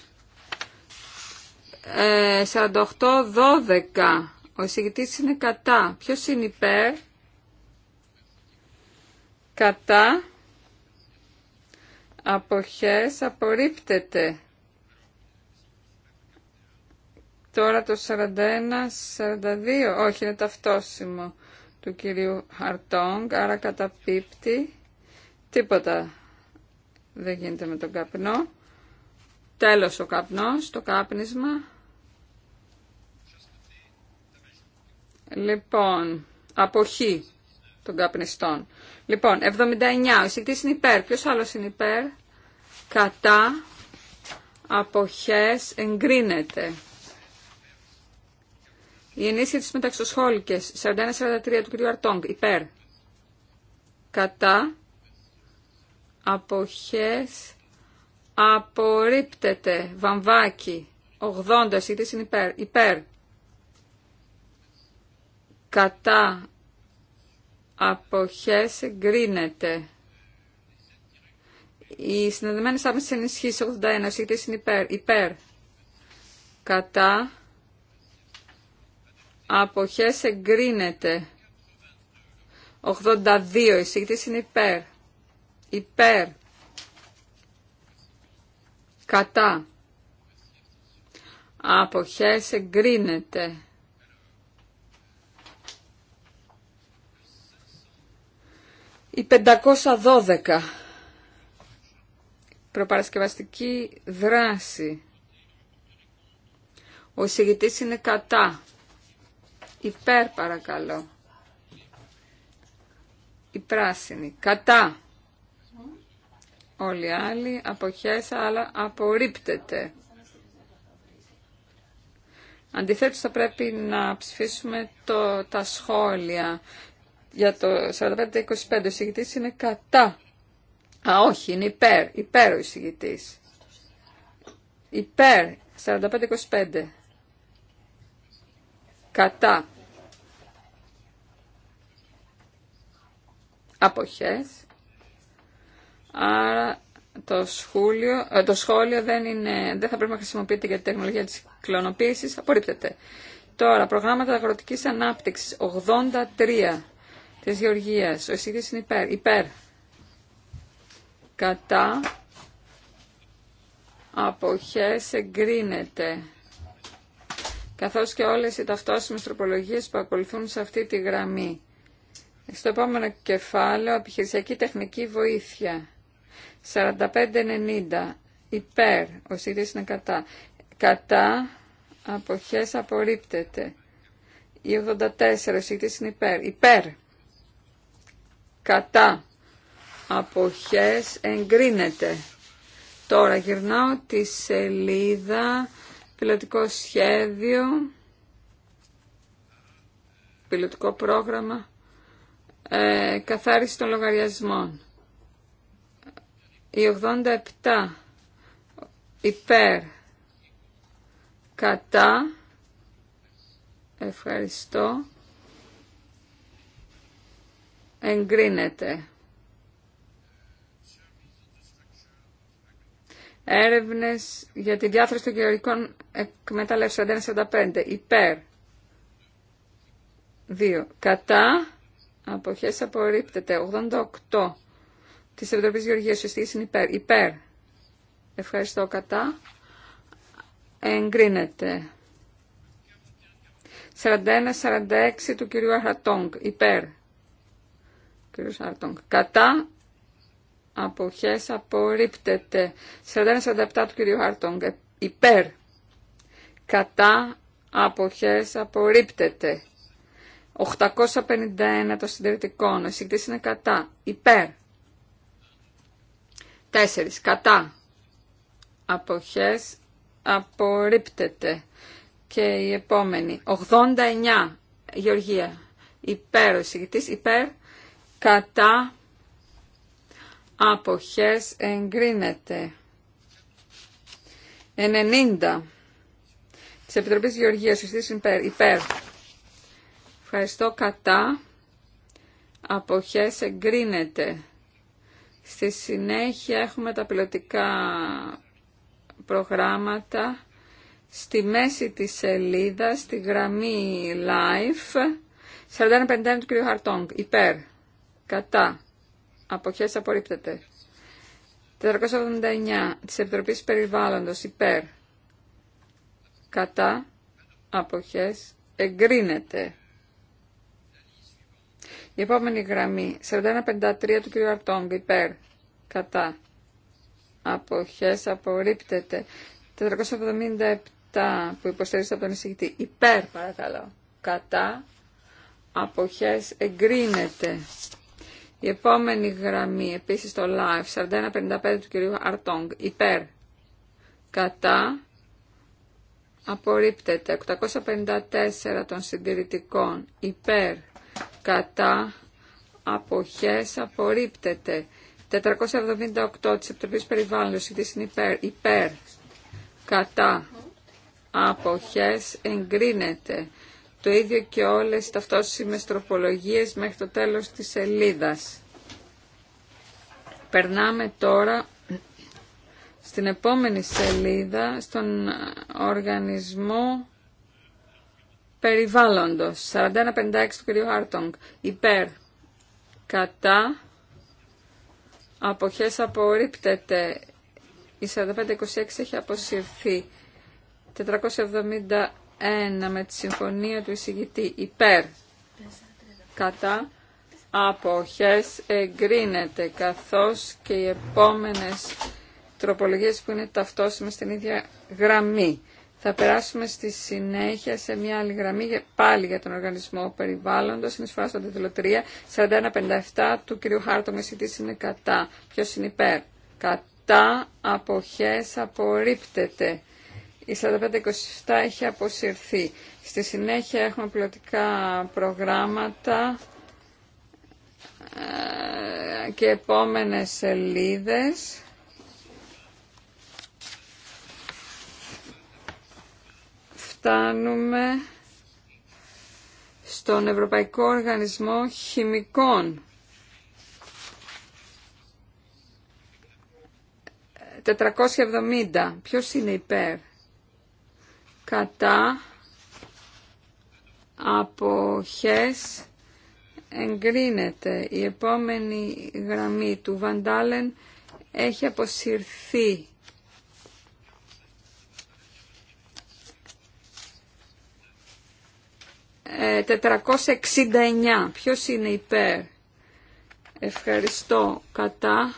Ε, 48-12. Ο εισηγητής είναι κατά. Ποιος είναι υπέρ. Κατά. Αποχές απορρίπτεται. Τώρα το 41-42, όχι είναι ταυτόσιμο του κυρίου Χαρτόγκ, άρα καταπίπτει. Τίποτα δεν γίνεται με τον καπνό. Τέλος ο καπνός, το κάπνισμα. Λοιπόν, αποχή των καπνιστών. Λοιπόν, 79. Ο εισηγητή είναι υπέρ. Ποιο άλλο είναι υπέρ. Κατά αποχές εγκρίνεται. Η ενίσχυση της 41 41-43 του κ. Αρτόγκ υπέρ. Κατά αποχές απορρίπτεται. Βαμβάκι 80 εισηγητής είναι υπέρ. υπέρ κατά αποχές εγκρίνεται. Οι συνδεδεμένες άμεσες ενισχύσεις 81, ο συγκριτής είναι υπέρ, Κατά αποχές εγκρίνεται. 82, η συγκριτής είναι υπέρ. Υπέρ. Κατά. Αποχές εγκρίνεται. Η 512. Προπαρασκευαστική δράση. Ο εισηγητής είναι κατά. Υπέρ παρακαλώ. Η πράσινη. Κατά. Όλοι οι άλλοι αποχές, αλλά απορρίπτεται. Αντιθέτως θα πρέπει να ψηφίσουμε το, τα σχόλια για το 45-25 ο εισηγητής είναι κατά. Α, όχι, είναι υπέρ. Υπέρ ο εισηγητής. Υπέρ. 45-25. Κατά. Αποχές. Άρα το, σχόλιο, ε, το σχόλιο δεν, είναι, δεν θα πρέπει να χρησιμοποιείται για τη τεχνολογία της κλωνοποίησης. Απορρίπτεται. Τώρα, προγράμματα αγροτικής ανάπτυξης 83 της Γεωργίας. Ο εισηγητής είναι υπέρ. Υπέρ. Κατά. Αποχές εγκρίνεται. Καθώς και όλες οι ταυτόσιμες τροπολογίες που ακολουθούν σε αυτή τη γραμμή. Στο επόμενο κεφάλαιο, επιχειρησιακή τεχνική βοήθεια. 45-90. Υπέρ. Ο εισηγητής είναι κατά. Κατά. Αποχές απορρίπτεται. Η 84. Ο εισηγητής είναι υπέρ. Υπέρ κατά αποχές εγκρίνεται. Τώρα γυρνάω τη σελίδα πιλωτικό σχέδιο, πιλωτικό πρόγραμμα, ε, καθάριση των λογαριασμών. Η 87 υπέρ κατά ευχαριστώ εγκρίνεται. Έρευνες για τη διάθεση των γεωργικών εκμεταλλεύσεων 41-45. Υπέρ. 2. Κατά. Αποχές απορρίπτεται. 88. Της Επιτροπής Γεωργίας Συστήγης είναι υπέρ. Υπέρ. Ευχαριστώ. Κατά. Εγκρίνεται. 41-46 του κυρίου Αχατόγκ. Υπέρ κυριος Άρτονγκ. Κατά αποχές απορρίπτεται. 41-47 του κυρίου Άρτονγκ. Υπέρ. Κατά αποχές απορρίπτεται. 851 το συντηρητικό Ο είναι κατά. Υπέρ. 4. Κατά. Αποχές απορρίπτεται. Και η επόμενη. 89. Γεωργία. Υπέρ ο συγκριτής. Υπέρ κατά αποχές εγκρίνεται. 90 της Επιτροπής Γεωργίας, υπέρ, υπέρ. Ευχαριστώ κατά αποχές εγκρίνεται. Στη συνέχεια έχουμε τα πιλωτικά προγράμματα. Στη μέση της σελίδας, στη γραμμή live, 41-51 του κ. Χαρτόγκ, υπέρ κατά, αποχές απορρίπτεται. 479 τη Επιτροπής Περιβάλλοντος υπέρ, κατά, αποχές εγκρίνεται. Η επόμενη γραμμή, 4153 του κ. Αρτόγκ υπέρ, κατά, αποχές απορρίπτεται. 477 που υποστηρίζεται από τον εισηγητή. Υπέρ, παρακαλώ. Κατά, αποχές εγκρίνεται. Η επόμενη γραμμή, επίσης το live, 4155 του κυρίου Αρτόγκ, υπέρ, κατά, απορρίπτεται. 854 των συντηρητικών, υπέρ, κατά, αποχές, απορρίπτεται. 478 της Επιτροπής Περιβάλλοντος, της είναι υπέρ, υπέρ, κατά, αποχές, εγκρίνεται. Το ίδιο και όλες οι ταυτόσιμες τροπολογίες μέχρι το τέλος της σελίδας. Περνάμε τώρα στην επόμενη σελίδα στον οργανισμό περιβάλλοντος. 4156 του κ. Χάρτονγκ. Υπέρ. Κατά. Αποχές απορρίπτεται. Η 4526 έχει αποσυρθεί. 1 με τη συμφωνία του εισηγητή υπέρ κατά αποχές εγκρίνεται καθώς και οι επόμενες τροπολογίες που είναι ταυτόσιμες στην ίδια γραμμή. Θα περάσουμε στη συνέχεια σε μια άλλη γραμμή πάλι για τον οργανισμό περιβάλλοντος, συνεισφορά στον τίτλο 3, 4157 του κ. Χάρτο Μεσητής είναι κατά. Ποιος είναι υπέρ. Κατά αποχές απορρίπτεται. Η 4527 έχει αποσυρθεί. Στη συνέχεια έχουμε πλωτικά προγράμματα ε, και επόμενες σελίδες. Φτάνουμε στον Ευρωπαϊκό Οργανισμό Χημικών. 470. Ποιος είναι υπέρ κατά αποχές εγκρίνεται. Η επόμενη γραμμή του Βαντάλεν έχει αποσυρθεί. 469. Ε, Ποιος είναι υπέρ. Ευχαριστώ κατά.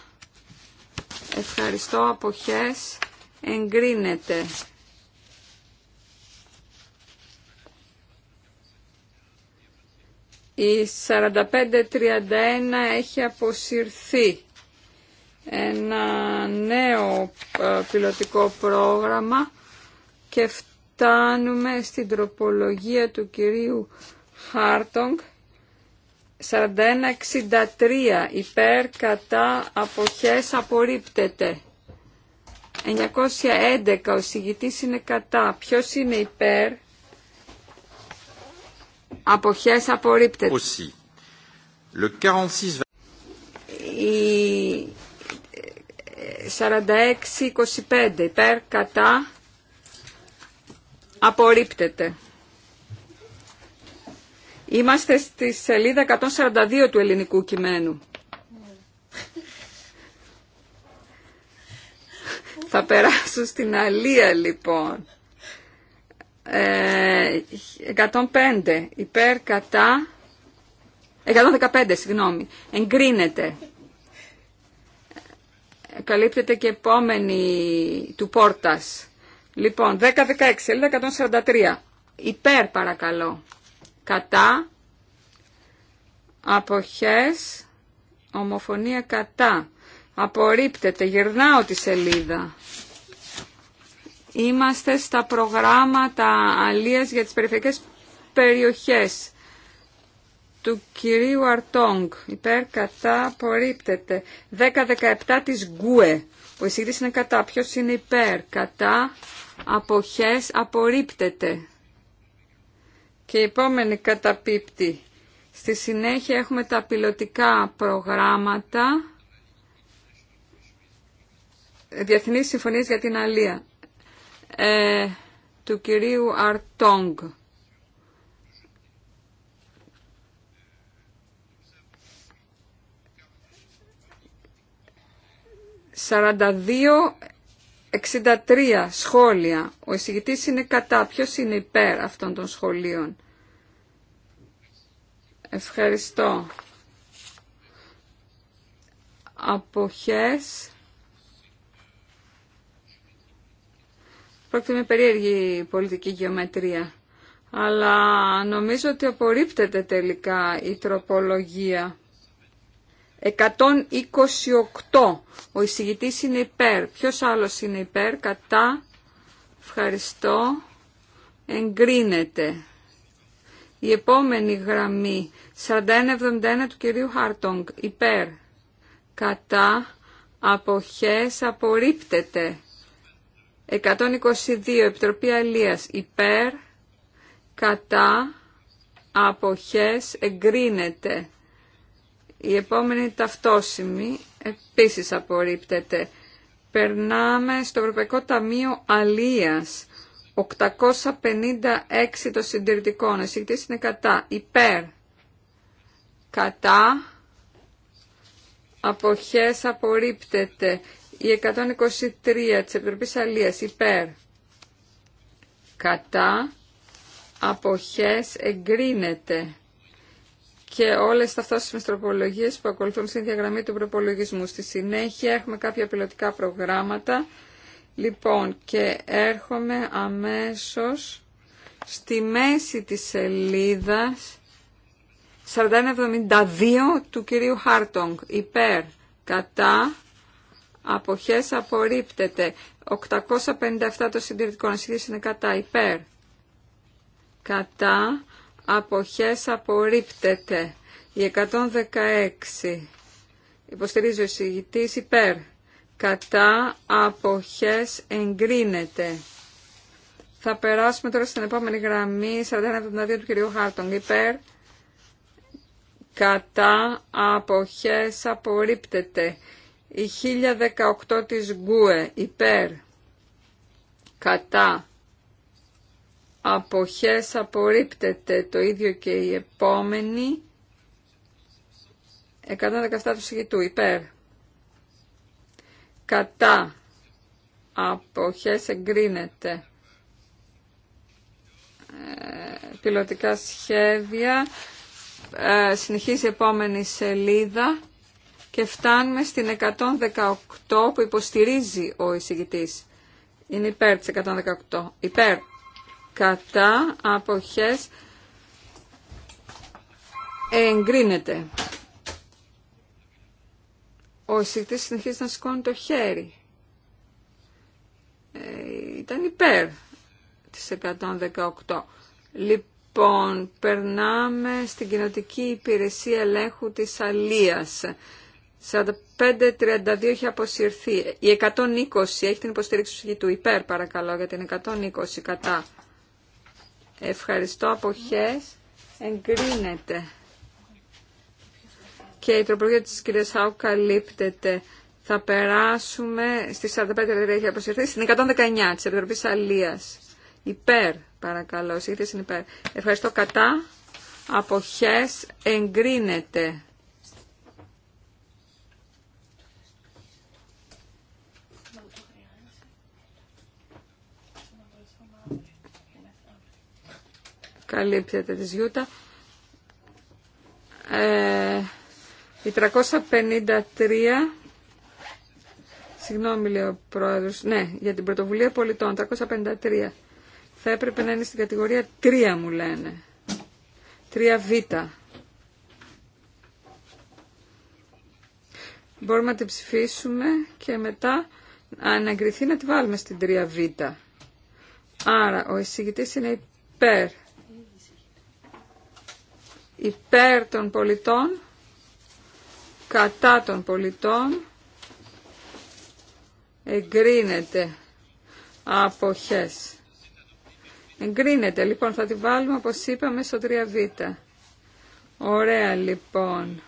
Ευχαριστώ αποχές. Εγκρίνεται. Η 4531 έχει αποσυρθεί. Ένα νέο ε, πιλωτικό πρόγραμμα και φτάνουμε στην τροπολογία του κυρίου Χάρτογκ 4163 υπέρ κατά αποχές απορρίπτεται. 911 ο συγητής είναι κατά. Ποιος είναι υπέρ Αποχές απορρίπτεται. 46... Η 46-25 ε, υπέρ κατά απορρίπτεται. Είμαστε στη σελίδα 142 του ελληνικού κειμένου. Θα περάσω στην Αλία λοιπόν. 105 ε, υπέρ κατά 115 συγγνώμη εγκρίνεται καλύπτεται και επόμενη του πόρτας λοιπόν 10-16 σελίδα 143 υπέρ παρακαλώ κατά αποχές ομοφωνία κατά απορρίπτεται γερνάω τη σελίδα Είμαστε στα προγράμματα αλίας για τις περιφερειακές περιοχές του κυρίου Αρτόγκ. Υπέρ κατά απορρίπτεται. 10-17 της Γκουε. Ο εισηγητής είναι κατά. Ποιος είναι υπέρ κατά αποχές απορρίπτεται. Και η επόμενη καταπίπτη. Στη συνέχεια έχουμε τα πιλωτικά προγράμματα Διεθνής Συμφωνίας για την Αλία ε, του κυρίου Αρτόγκ. 42 63 σχόλια. Ο εισηγητής είναι κατά. Ποιος είναι υπέρ αυτών των σχολείων. Ευχαριστώ. Αποχές. Πρόκειται με περίεργη πολιτική γεωμετρία. Αλλά νομίζω ότι απορρίπτεται τελικά η τροπολογία. 128. Ο εισηγητής είναι υπέρ. Ποιος άλλος είναι υπέρ. Κατά. Ευχαριστώ. Εγκρίνεται. Η επόμενη γραμμή. 4171 του κυρίου Χάρτογκ. Υπέρ. Κατά. Αποχές απορρίπτεται. 122 Επιτροπή Αλίας υπέρ κατά αποχές εγκρίνεται. Η επόμενη ταυτόσημη επίσης απορρίπτεται. Περνάμε στο Ευρωπαϊκό Ταμείο Αλίας. 856 των συντηρητικών. Ο είναι κατά. Υπέρ. Κατά. Αποχές απορρίπτεται. Η 123 της Επιτροπής Αλίας υπέρ κατά αποχές εγκρίνεται και όλες στις μεστροπολογίες που ακολουθούν στην διαγραμμή του προπολογισμού. Στη συνέχεια έχουμε κάποια πιλωτικά προγράμματα. Λοιπόν, και έρχομαι αμέσως στη μέση της σελίδας 4172 του κυρίου Χάρτονγκ υπέρ κατά Αποχές απορρίπτεται. 857 το συντηρητικών ασχεδίων είναι κατά υπέρ. Κατά. Αποχές απορρίπτεται. Η 116. Υποστηρίζει ο εισηγητής υπέρ. Κατά. Αποχές εγκρίνεται. Θα περάσουμε τώρα στην επόμενη γραμμή 4172 του κυρίου Χάρτον. υπέρ. Κατά. Αποχές απορρίπτεται. Η 1018 της Γκουε υπέρ κατά αποχές απορρίπτεται το ίδιο και η επόμενη 117 του Σιγητού υπέρ κατά αποχές εγκρίνεται ε, πιλωτικά σχέδια ε, συνεχίζει η επόμενη σελίδα και φτάνουμε στην 118 που υποστηρίζει ο εισηγητής. Είναι υπέρ της 118. Υπέρ. Κατά αποχές εγκρίνεται. Ο εισηγητής συνεχίζει να σηκώνει το χέρι. Ε, ήταν υπέρ της 118. Λοιπόν, περνάμε στην κοινοτική υπηρεσία ελέγχου της Αλίας. 45-32 έχει αποσυρθεί. Η 120 έχει την υποστήριξη του, του υπέρ παρακαλώ για την 120 κατά. Ευχαριστώ αποχές. Εγκρίνεται. Και η τροπολογία της κυρίας Χάου καλύπτεται. Θα περάσουμε στη 45-32 έχει αποσυρθεί. Στην 119 της Επιτροπής Αλίας. Υπέρ παρακαλώ. είναι υπέρ. Ευχαριστώ κατά. Αποχές εγκρίνεται. καλύπτεται της Γιούτα. Ε, η 353, συγγνώμη λέει ο πρόεδρος, ναι, για την πρωτοβουλία πολιτών, 353. Θα έπρεπε να είναι στην κατηγορία 3 μου λένε. 3β. Μπορούμε να την ψηφίσουμε και μετά αν εγκριθεί να τη βάλουμε στην 3β. Άρα ο εισηγητής είναι υπέρ υπέρ των πολιτών, κατά των πολιτών, εγκρίνεται αποχές. Εγκρίνεται, λοιπόν, θα τη βάλουμε, όπως είπαμε, στο 3β. Ωραία, λοιπόν.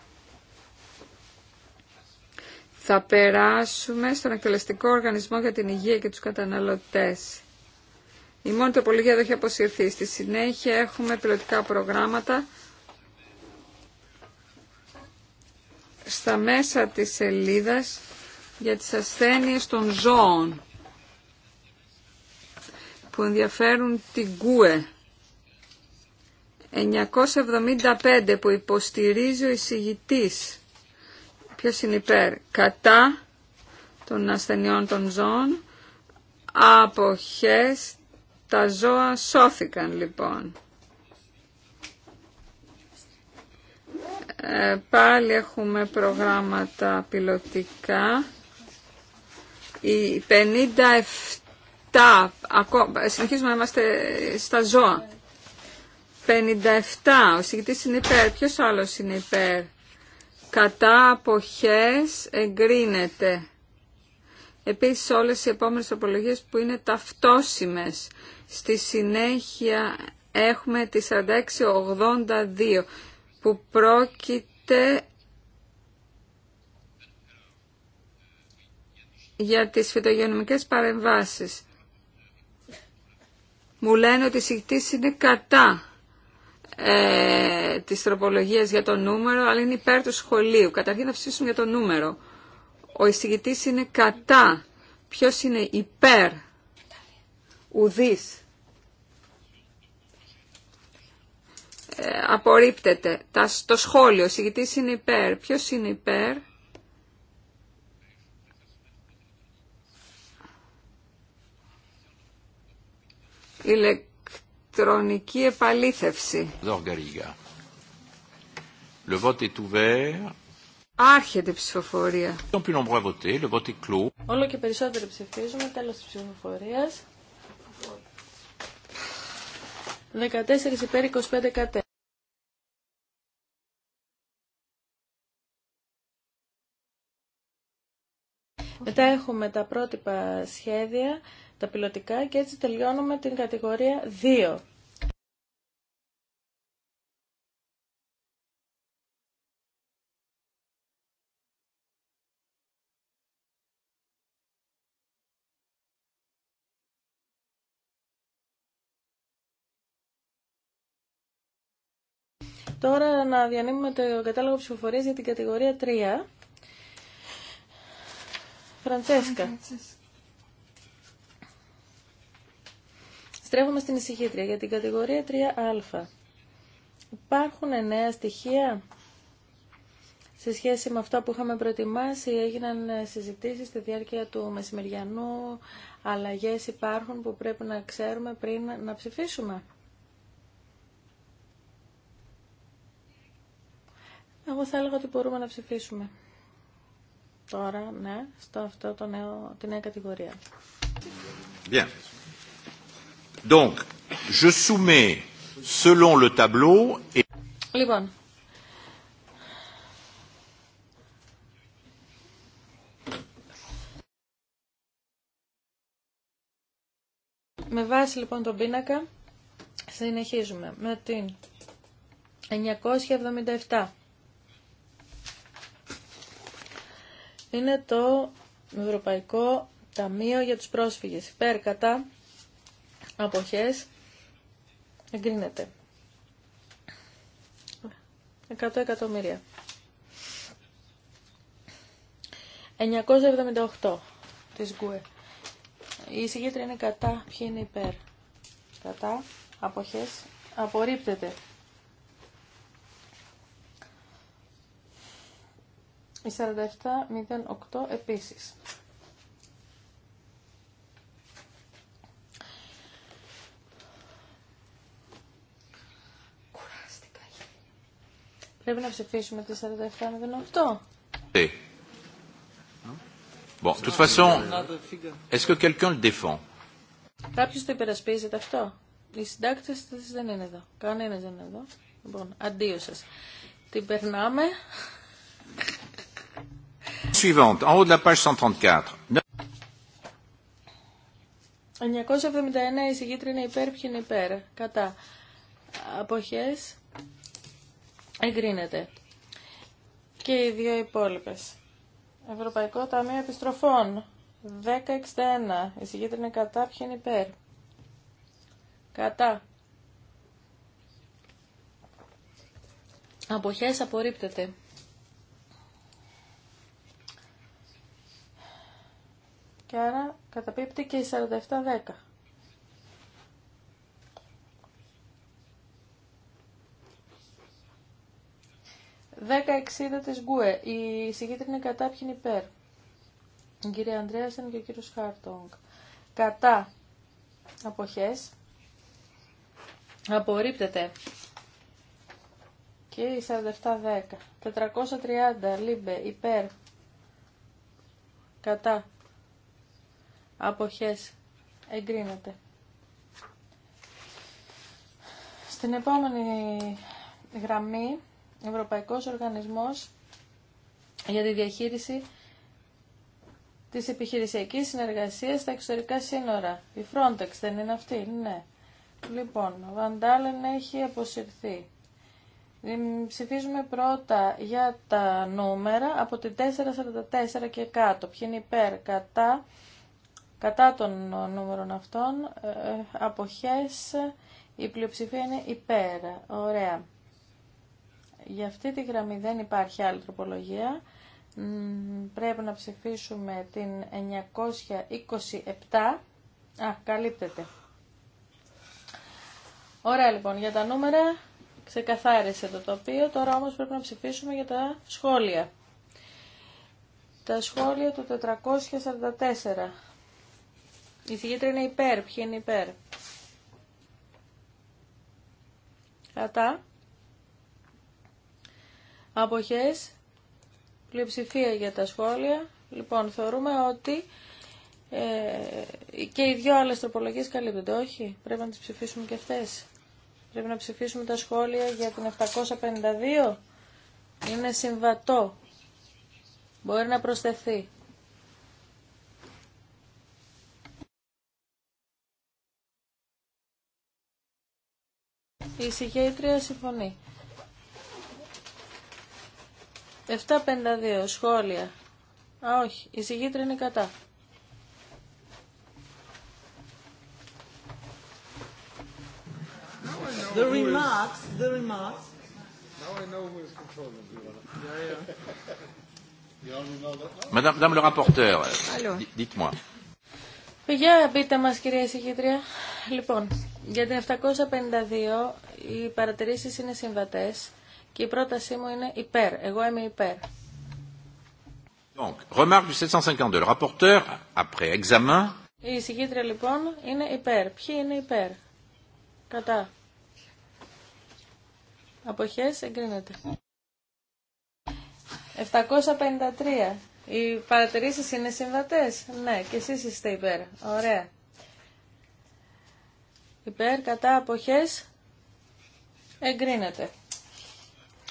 Θα περάσουμε στον εκτελεστικό οργανισμό για την υγεία και τους καταναλωτές. Η μόνη τοπολογία δεν έχει αποσυρθεί. Στη συνέχεια έχουμε πιλωτικά προγράμματα στα μέσα της σελίδας για τις ασθένειες των ζώων που ενδιαφέρουν την ΚΟΕ. 975 που υποστηρίζει ο εισηγητής. Ποιος είναι υπέρ. Κατά των ασθενειών των ζώων. Αποχές. Τα ζώα σώθηκαν λοιπόν. Ε, πάλι έχουμε προγράμματα πιλωτικά. Οι 57, ακόμα, συνεχίζουμε να είμαστε στα ζώα. 57, ο συγκεκριτής είναι υπέρ. Ποιος άλλος είναι υπέρ. Κατά αποχές εγκρίνεται. Επίσης όλες οι επόμενες απολογίες που είναι ταυτόσιμες. Στη συνέχεια έχουμε τη 4682 που πρόκειται για τις φυτογενομικές παρεμβάσεις. Μου λένε ότι η συγκτής είναι κατά ε, της τροπολογίας για το νούμερο, αλλά είναι υπέρ του σχολείου. Καταρχήν να ψήσουμε για το νούμερο. Ο εισηγητής είναι κατά. Ποιος είναι υπέρ ουδής. απορρίπτεται. το σχόλιο, συγητής είναι υπέρ. Ποιος είναι υπέρ. Ηλεκτρονική επαλήθευση. Άρχεται η ψηφοφορία. Όλο και περισσότερο ψηφίζουμε. Τέλος της ψηφοφορίας. 14 υπέρ 25 κατέ. Τα έχουμε τα πρότυπα σχέδια, τα πιλωτικά και έτσι τελειώνουμε την κατηγορία 2. Τώρα να διανύμουμε το κατάλογο ψηφοφορίας για την κατηγορία 3. Φραντσέσκα. Στρέφουμε στην ησυχήτρια για την κατηγορία 3α. Υπάρχουν νέα στοιχεία σε σχέση με αυτά που είχαμε προετοιμάσει. Έγιναν συζητήσεις στη διάρκεια του μεσημεριανού. Αλλαγές υπάρχουν που πρέπει να ξέρουμε πριν να ψηφίσουμε. Εγώ θα έλεγα ότι μπορούμε να ψηφίσουμε τώρα, ναι, στο αυτό το νέο, τη νέα κατηγορία. Λοιπόν, με βάση λοιπόν τον πίνακα συνεχίζουμε με την 977. είναι το Ευρωπαϊκό Ταμείο για τους Πρόσφυγες. Υπέρ κατά αποχές εγκρίνεται. 100 εκατομμύρια. 978 της ΓΚΟΕ. Η εισηγήτρια είναι κατά, ποιοι είναι υπέρ. Κατά, αποχές, απορρίπτεται. Η 4708 επίσης. Πρέπει να ψηφίσουμε τη 4708. 08 ε. Bon, de toute façon, est-ce Κάποιο το υπερασπίζεται αυτό. Οι συντάκτε δεν είναι εδώ. Κανένα δεν είναι εδώ. Λοιπόν, αντίο σα. Την περνάμε suivante, en haut 979 η υπέρ, ποιοι είναι υπέρ, κατά. Αποχές εγκρίνεται. Και οι δύο υπόλοιπες. Ευρωπαϊκό Ταμείο Επιστροφών. 1061. Η είναι κατά, ποιοι είναι υπέρ. Κατά. Αποχές απορρίπτεται. Και άρα καταπίπτει και η 10 Δέκα 60 της Γκουε. Η συγκίτρινη κατάπιν υπέρ. Κύριε κυρία Ανδρέασεν και ο κύριος Χάρτογκ. Κατά αποχές. Απορρίπτεται. Και η 4710. 430 λίμπε υπέρ. Κατά αποχές εγκρίνεται. Στην επόμενη γραμμή, Ευρωπαϊκός Οργανισμός για τη διαχείριση της επιχειρησιακής συνεργασίας στα εξωτερικά σύνορα. Η Frontex δεν είναι αυτή, ναι. Λοιπόν, ο Βαντάλεν έχει αποσυρθεί. Ψηφίζουμε πρώτα για τα νούμερα από την 444 και κάτω. Ποιοι είναι υπέρ, κατά, Κατά των νούμερων αυτών, ε, αποχές, η πλειοψηφία είναι υπέρ. Ωραία. Για αυτή τη γραμμή δεν υπάρχει άλλη τροπολογία. Πρέπει να ψηφίσουμε την 927. Α, καλύπτεται. Ωραία λοιπόν, για τα νούμερα ξεκαθάρισε το τοπίο, τώρα όμως πρέπει να ψηφίσουμε για τα σχόλια. Τα σχόλια του 444. Η θηγήτρια είναι υπέρ. Ποιοι είναι υπέρ. Κατά. Αποχές. Πλειοψηφία για τα σχόλια. Λοιπόν, θεωρούμε ότι ε, και οι δυο άλλες τροπολογίες καλύπτονται. Όχι, πρέπει να τις ψηφίσουμε και αυτές. Πρέπει να ψηφίσουμε τα σχόλια για την 752. Είναι συμβατό. Μπορεί να προσθεθεί. Η εισηγήτρια συμφωνεί. 752 σχόλια. Α, όχι. Η εισηγήτρια είναι κατά. The remarks, the remarks. Now I know who is controlling you. Yeah, yeah. Madame, Madame le rapporteur, dites-moi. Για μπείτε μας κυρία εισηγήτρια. Λοιπόν, για την 752 οι παρατηρήσεις είναι συμβατές και η πρότασή μου είναι υπέρ. Εγώ είμαι υπέρ. Donc, du 752. Le Η εισηγήτρια λοιπόν είναι υπέρ. Ποιοι είναι υπέρ. Κατά. Αποχές εγκρίνεται. 753. Οι παρατηρήσεις είναι συμβατές. Ναι, και εσείς είστε υπέρ. Ωραία. Υπέρ, κατά, αποχές. Εγκρίνεται.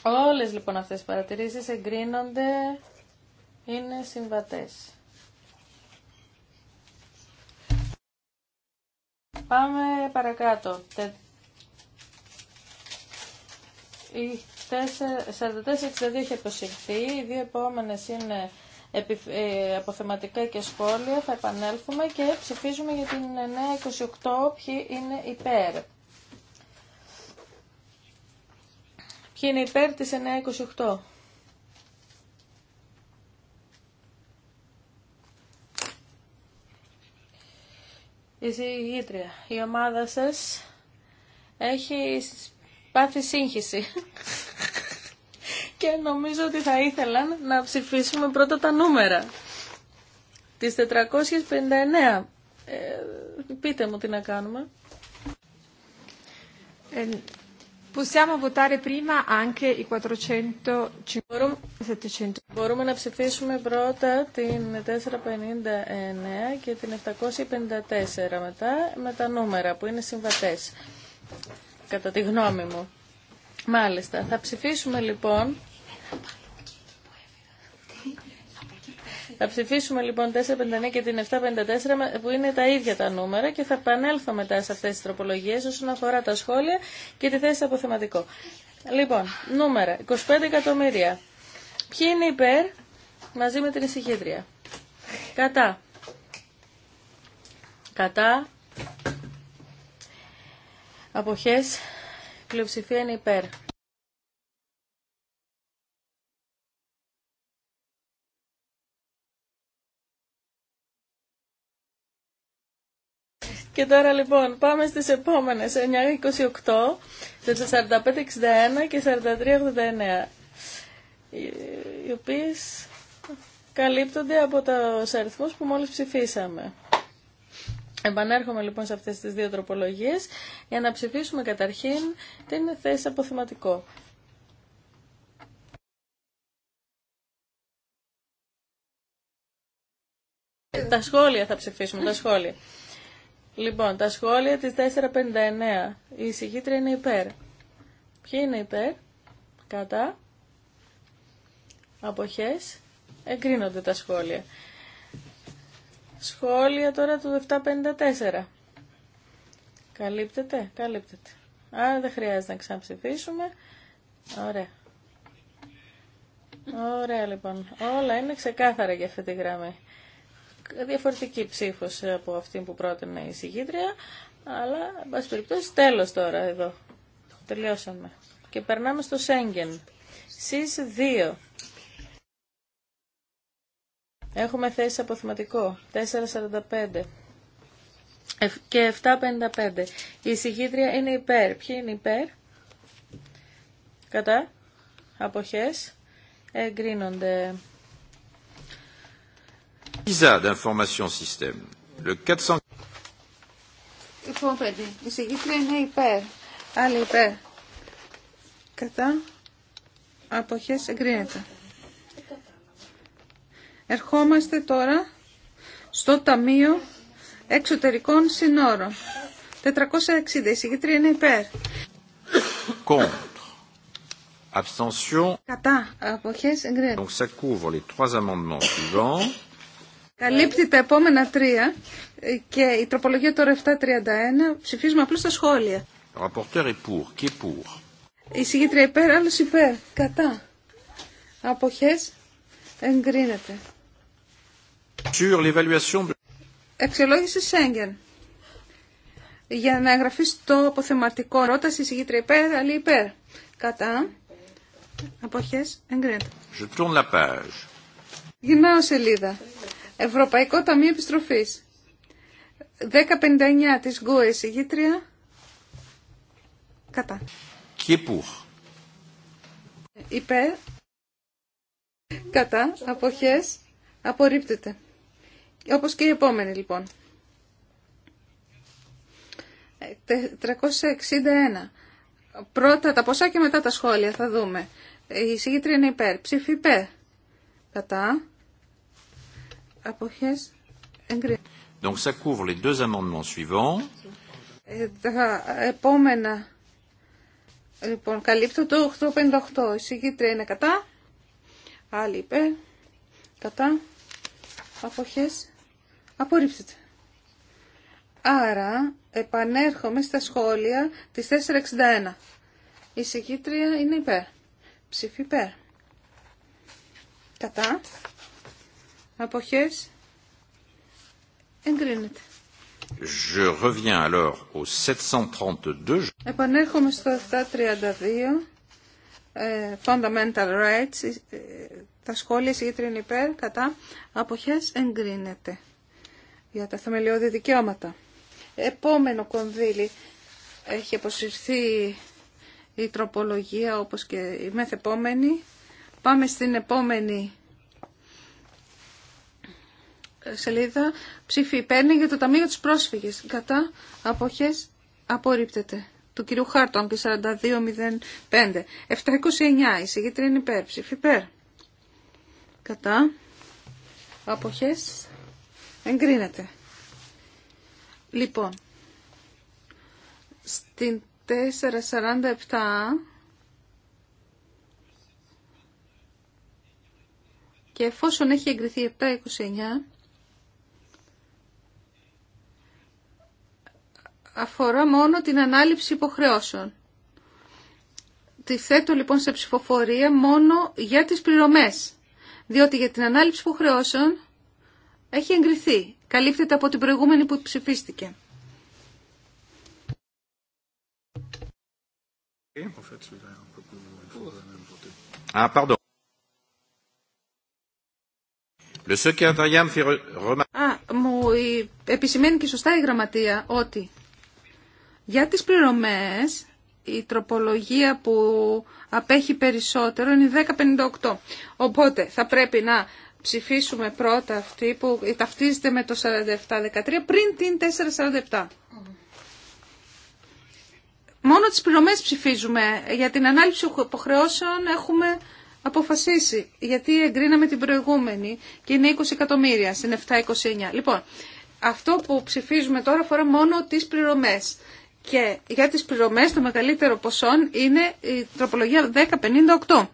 Όλες λοιπόν αυτές οι παρατηρήσεις εγκρίνονται, είναι συμβατές. Πάμε παρακάτω. Οι 44-62 είχε αποσυρθεί, οι δύο επόμενες είναι ε, αποθεματικά και σχόλια, θα επανέλθουμε και ψηφίζουμε για την 9-28 ποιοι είναι υπέρ. και είναι υπέρ της 928. Η συγγήτρια, η ομάδα σας έχει πάθει σύγχυση. Και νομίζω ότι θα ήθελαν να ψηφίσουμε πρώτα τα νούμερα. Τις 459. Ε, πείτε μου τι να κάνουμε. Ε, Possiamo votare prima anche i 400... Μπορούμε να ψηφίσουμε πρώτα την 459 και την 754 μετά με τα νούμερα που είναι συμβατές, κατά τη γνώμη μου. Μάλιστα, θα ψηφίσουμε λοιπόν θα ψηφίσουμε λοιπόν 459 και την 754 που είναι τα ίδια τα νούμερα και θα επανέλθω μετά σε αυτές τις τροπολογίες όσον αφορά τα σχόλια και τη θέση θεματικό. Λοιπόν, νούμερα 25 εκατομμύρια. Ποιοι είναι υπέρ μαζί με την εισηγητρία. Κατά. Κατά. Αποχές. Πλειοψηφία είναι υπέρ. Και τώρα λοιπόν πάμε στις επόμενες 9.28, 45.61 και 43.89 οι οποίες καλύπτονται από τους αριθμούς που μόλις ψηφίσαμε. Επανέρχομαι λοιπόν σε αυτές τις δύο τροπολογίες για να ψηφίσουμε καταρχήν την θέση αποθεματικό. Τα σχόλια θα ψηφίσουμε, τα σχόλια. Λοιπόν, τα σχόλια της 459. Η εισηγήτρια είναι υπέρ. Ποιοι είναι υπέρ, κατά, αποχές, εγκρίνονται τα σχόλια. Σχόλια τώρα του 754. Καλύπτεται, καλύπτεται. Άρα δεν χρειάζεται να ξαναψηφίσουμε. Ωραία. Ωραία λοιπόν. Όλα είναι ξεκάθαρα για αυτή τη γραμμή διαφορετική ψήφος από αυτή που πρότεινε η συγκίτρια, αλλά, εν πάση περιπτώσει, τέλος τώρα εδώ. Τελειώσαμε. Και περνάμε στο Σέγγεν. ΣΥΣ 2. Έχουμε θέσει αποθυματικό. 4.45 και 7.55. Η συγκίτρια είναι υπέρ. Ποιοι είναι υπέρ? Κατά. Αποχές. Εγκρίνονται. Visa λοιπόν, η είναι υπέρ. Άλλη υπέρ. Κατά. Αποχές εγκρίνεται. Ερχόμαστε τώρα στο Ταμείο Εξωτερικών Συνόρων. 460. Η είναι υπέρ. Κατά. Αποχές εγκρίνεται. Donc ça couvre les Καλύπτει τα επόμενα τρία και η τροπολογία τώρα 731. Ψηφίζουμε απλώ τα σχόλια. Η συγκήτρια υπέρ, άλλο υπέρ. Κατά. απόχέ. εγκρίνεται. Εξελόγηση Σέγγεν. Για να εγγραφεί το αποθεματικό ρώταση η υπέρ, άλλη υπέρ. Κατά. απόχέ, εγκρίνεται. Je tourne la page. Γυρνάω σελίδα. Ευρωπαϊκό Ταμείο Επιστροφής. 1059 της ΓΚΟΕ εισηγήτρια. Κατά. Και Υπέρ. Κατά. Αποχές. Απορρίπτεται. Όπως και η επόμενη λοιπόν. 361. Ε, Πρώτα τα ποσά και μετά τα σχόλια θα δούμε. Η εισηγήτρια είναι υπέρ. Ψήφι υπέρ. Κατά αποχές εγκρίνεται. Donc ça couvre les deux amendements ε, επόμενα, λοιπόν, καλύπτω το 858. Η συγκήτρια είναι κατά. Άλλη υπέρ. Κατά. Αποχές. Απορρίψετε. Άρα, επανέρχομαι στα σχόλια της 461. Η συγκήτρια είναι υπέρ. Ψήφι υπέρ. Κατά. Αποχές. Εγκρίνεται. Je reviens alors au 732. Επανέρχομαι στο 732. Ε, fundamental rights. Ε, τα σχόλια συγκεκριμένων υπέρ κατά αποχές εγκρίνεται για τα θεμελιώδη δικαιώματα. Επόμενο κονδύλι έχει αποσυρθεί η τροπολογία όπως και η μεθεπόμενη. Πάμε στην επόμενη σελίδα ψήφι παίρνει για το Ταμείο της Πρόσφυγης. Κατά αποχές απορρίπτεται. Του κυρίου Χάρτον και 4205. 729. Η είναι υπέρ. Ψήφι υπέρ. Κατά αποχές εγκρίνεται. Λοιπόν, στην 447... Και εφόσον έχει εγκριθεί 729, αφορά μόνο την ανάληψη υποχρεώσεων. Τη θέτω λοιπόν σε ψηφοφορία μόνο για τις πληρωμές, διότι για την ανάληψη υποχρεώσεων έχει εγκριθεί. Καλύπτεται από την προηγούμενη που ψηφίστηκε. Ah, pardon. Le secrétariat fait μου επισημαίνει και σωστά η γραμματεία ότι για τις πληρωμές, η τροπολογία που απέχει περισσότερο είναι η 1058. Οπότε θα πρέπει να ψηφίσουμε πρώτα αυτή που ταυτίζεται με το 4713 πριν την 447. Μόνο τις πληρωμές ψηφίζουμε. Για την ανάληψη υποχρεώσεων έχουμε αποφασίσει. Γιατί εγκρίναμε την προηγούμενη και είναι 20 εκατομμύρια στην 729. Λοιπόν, αυτό που ψηφίζουμε τώρα αφορά μόνο τις πληρωμές. Και για τις πληρωμές το μεγαλύτερο ποσό είναι η τροπολογία 1058.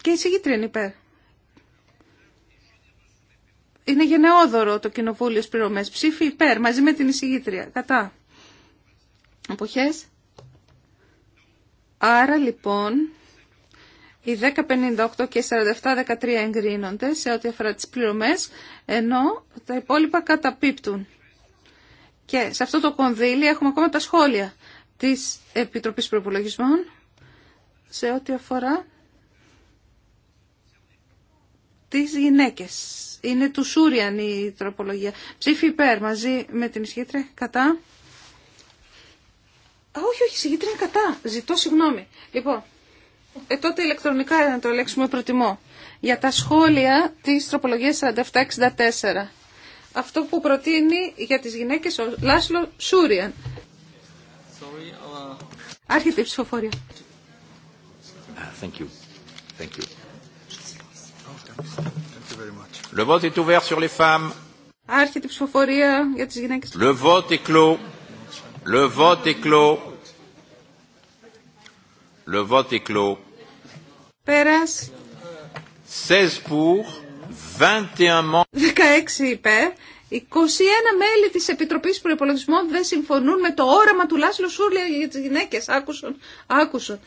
Και η συγκίτρια είναι υπέρ. Είναι γενναιόδωρο το κοινοβούλιο στις πληρωμές. Ψήφι υπέρ μαζί με την εισηγήτρια. Κατά. Αποχές. Άρα λοιπόν οι 10.58 και 47.13 εγκρίνονται σε ό,τι αφορά τις πληρωμές, ενώ τα υπόλοιπα καταπίπτουν. Και σε αυτό το κονδύλι έχουμε ακόμα τα σχόλια της Επιτροπής Προπολογισμών σε ό,τι αφορά τις γυναίκες. Είναι του Σούριαν η τροπολογία. Ψήφι υπέρ μαζί με την ισχύτρια κατά. Α, όχι, όχι, ισχύτρια κατά. Ζητώ συγγνώμη. Λοιπόν, ε, τότε ηλεκτρονικά να το λέξουμε προτιμώ. Για τα σχόλια της τροπολογίας 4764 αυτό που προτείνει για τις γυναίκες ο Λάσλο Σούριαν. Sorry, αλλά... Uh, Άρχεται η ψηφοφορία. Ah, thank you. Thank you. very much. Le vote est ouvert sur les femmes. Άρχεται η ψηφοφορία για τις γυναίκες. Le vote est clos. Le vote est clos. Le vote est clos. Πέρας. 16 pour. 21 υπέρ, 21 μέλη της Επιτροπής Προϋπολογισμών δεν συμφωνούν με το όραμα του Λάσλο Σούρλια για τις γυναίκες. Άκουσαν, άκουσαν.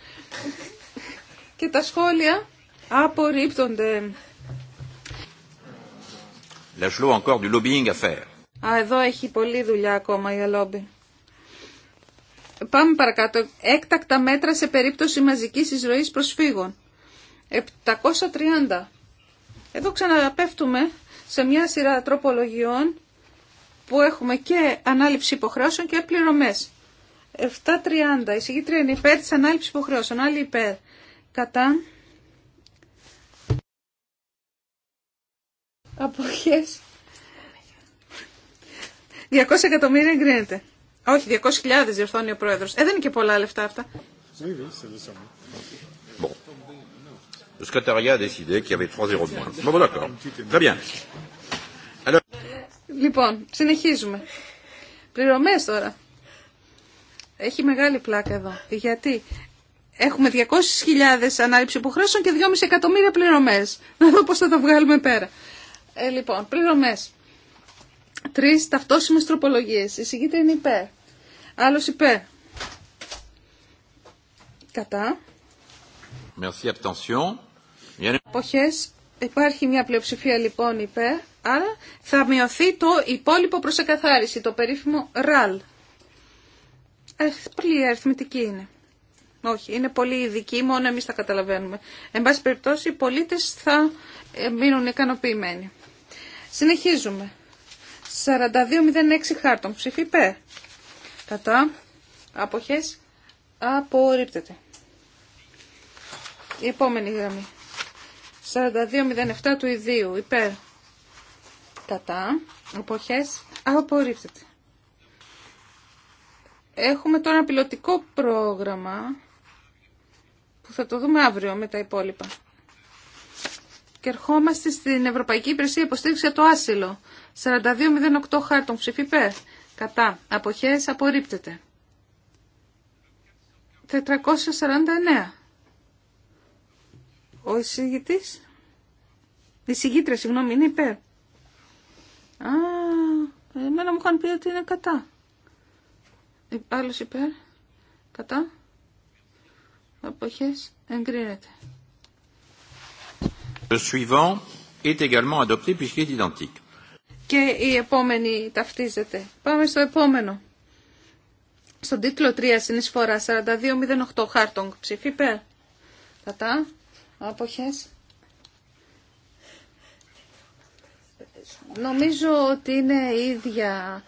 Και τα σχόλια απορρίπτονται. Λασλό, encore du lobbying à faire. Α, εδώ έχει πολλή δουλειά ακόμα για λόμπι. Πάμε παρακάτω. Έκτακτα μέτρα σε περίπτωση μαζικής εισρωής προσφύγων. 730 εδώ ξαναπέφτουμε σε μια σειρά τροπολογιών που έχουμε και ανάληψη υποχρεώσεων και πληρωμε 7.30. Η συγκήτρια είναι υπέρ της ανάληψης υποχρεώσεων. Άλλη υπέρ. Κατά. Αποχές. 200 εκατομμύρια εγκρίνεται. Όχι, 200.000 διορθώνει ο πρόεδρος. Ε, δεν είναι και πολλά λεφτά αυτά. Le secrétariat a décidé qu'il y avait 3-0 de moins. Bon, bon d'accord. Très bien. Alors... Λοιπόν, συνεχίζουμε. Πληρωμέ τώρα. Έχει μεγάλη πλάκα εδώ. Γιατί έχουμε 200.000 ανάληψη υποχρέωσεων και 2,5 εκατομμύρια πληρωμέ. Να δω πώ θα τα βγάλουμε πέρα. Ε, λοιπόν, πληρωμέ. Τρει ταυτόσιμε τροπολογίε. Η συγκίτρια είναι υπέρ. Άλλο υπέρ. Κατά. Merci, attention. Αποχές. Υπάρχει μια πλειοψηφία λοιπόν υπέρ. Άρα θα μειωθεί το υπόλοιπο προς εκαθάριση, το περίφημο ραλ. Πολύ αριθμητική είναι. Όχι, είναι πολύ ειδική, μόνο εμείς τα καταλαβαίνουμε. Εν πάση περιπτώσει, οι πολίτες θα ε, μείνουν ικανοποιημένοι. Συνεχίζουμε. 42.06 χάρτων. Ψήφι υπέρ. Κατά. Αποχές. Απορρίπτεται. Η επόμενη γραμμή. 4207 του ιδίου υπέρ κατά εποχές απορρίπτεται. Έχουμε τώρα ένα πιλωτικό πρόγραμμα που θα το δούμε αύριο με τα υπόλοιπα. Και ερχόμαστε στην Ευρωπαϊκή Υπηρεσία Υποστήριξη το Άσυλο. 4208 χάρτων ψηφί υπέρ. Κατά. Αποχές απορρίπτεται. 449 ο εισηγητής. Η εισηγήτρια, συγγνώμη, είναι υπέρ. Α, εμένα μου είχαν πει ότι είναι κατά. Άλλος υπέρ. Κατά. Αποχές. Εγκρίνεται. Το suivant est également adopté puisqu'il est identique. Και η επόμενη ταυτίζεται. Πάμε στο επόμενο. Στον τίτλο 3 συνεισφορά 4208 χάρτονγκ. Ψήφι υπέρ. Κατά. Άποχες. Νομίζω ότι είναι η ίδια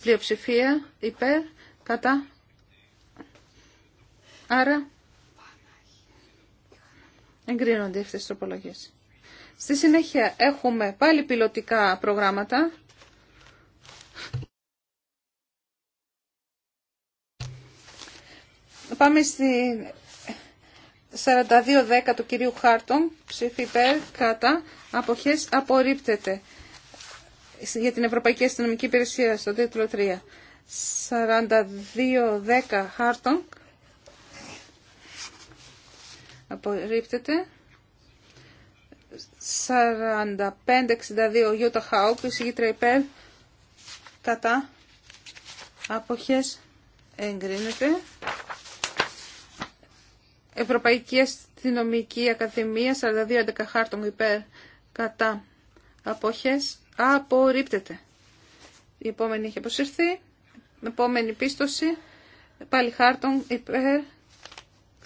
πλειοψηφία υπέρ, κατά. Άρα εγκρίνονται αυτές τις τροπολογίες. Στη συνέχεια έχουμε πάλι πιλωτικά προγράμματα. Πάμε στην 4210 του κυρίου Χάρτον, ψήφι υπέρ, κατά, αποχές, απορρίπτεται. Για την Ευρωπαϊκή Αστυνομική Υπηρεσία, στο τίτλο 3. 4210 Χάρτον, απορρίπτεται. 4562 Γιώτα Χάου, εισηγήτρια υπέρ, κατά, αποχές, εγκρίνεται. Ευρωπαϊκή Αστυνομική Ακαδημία 42-11 χάρτων υπέρ κατά αποχές απορρίπτεται. Η επόμενη έχει αποσυρθεί. Επόμενη πίστοση πάλι χάρτων υπέρ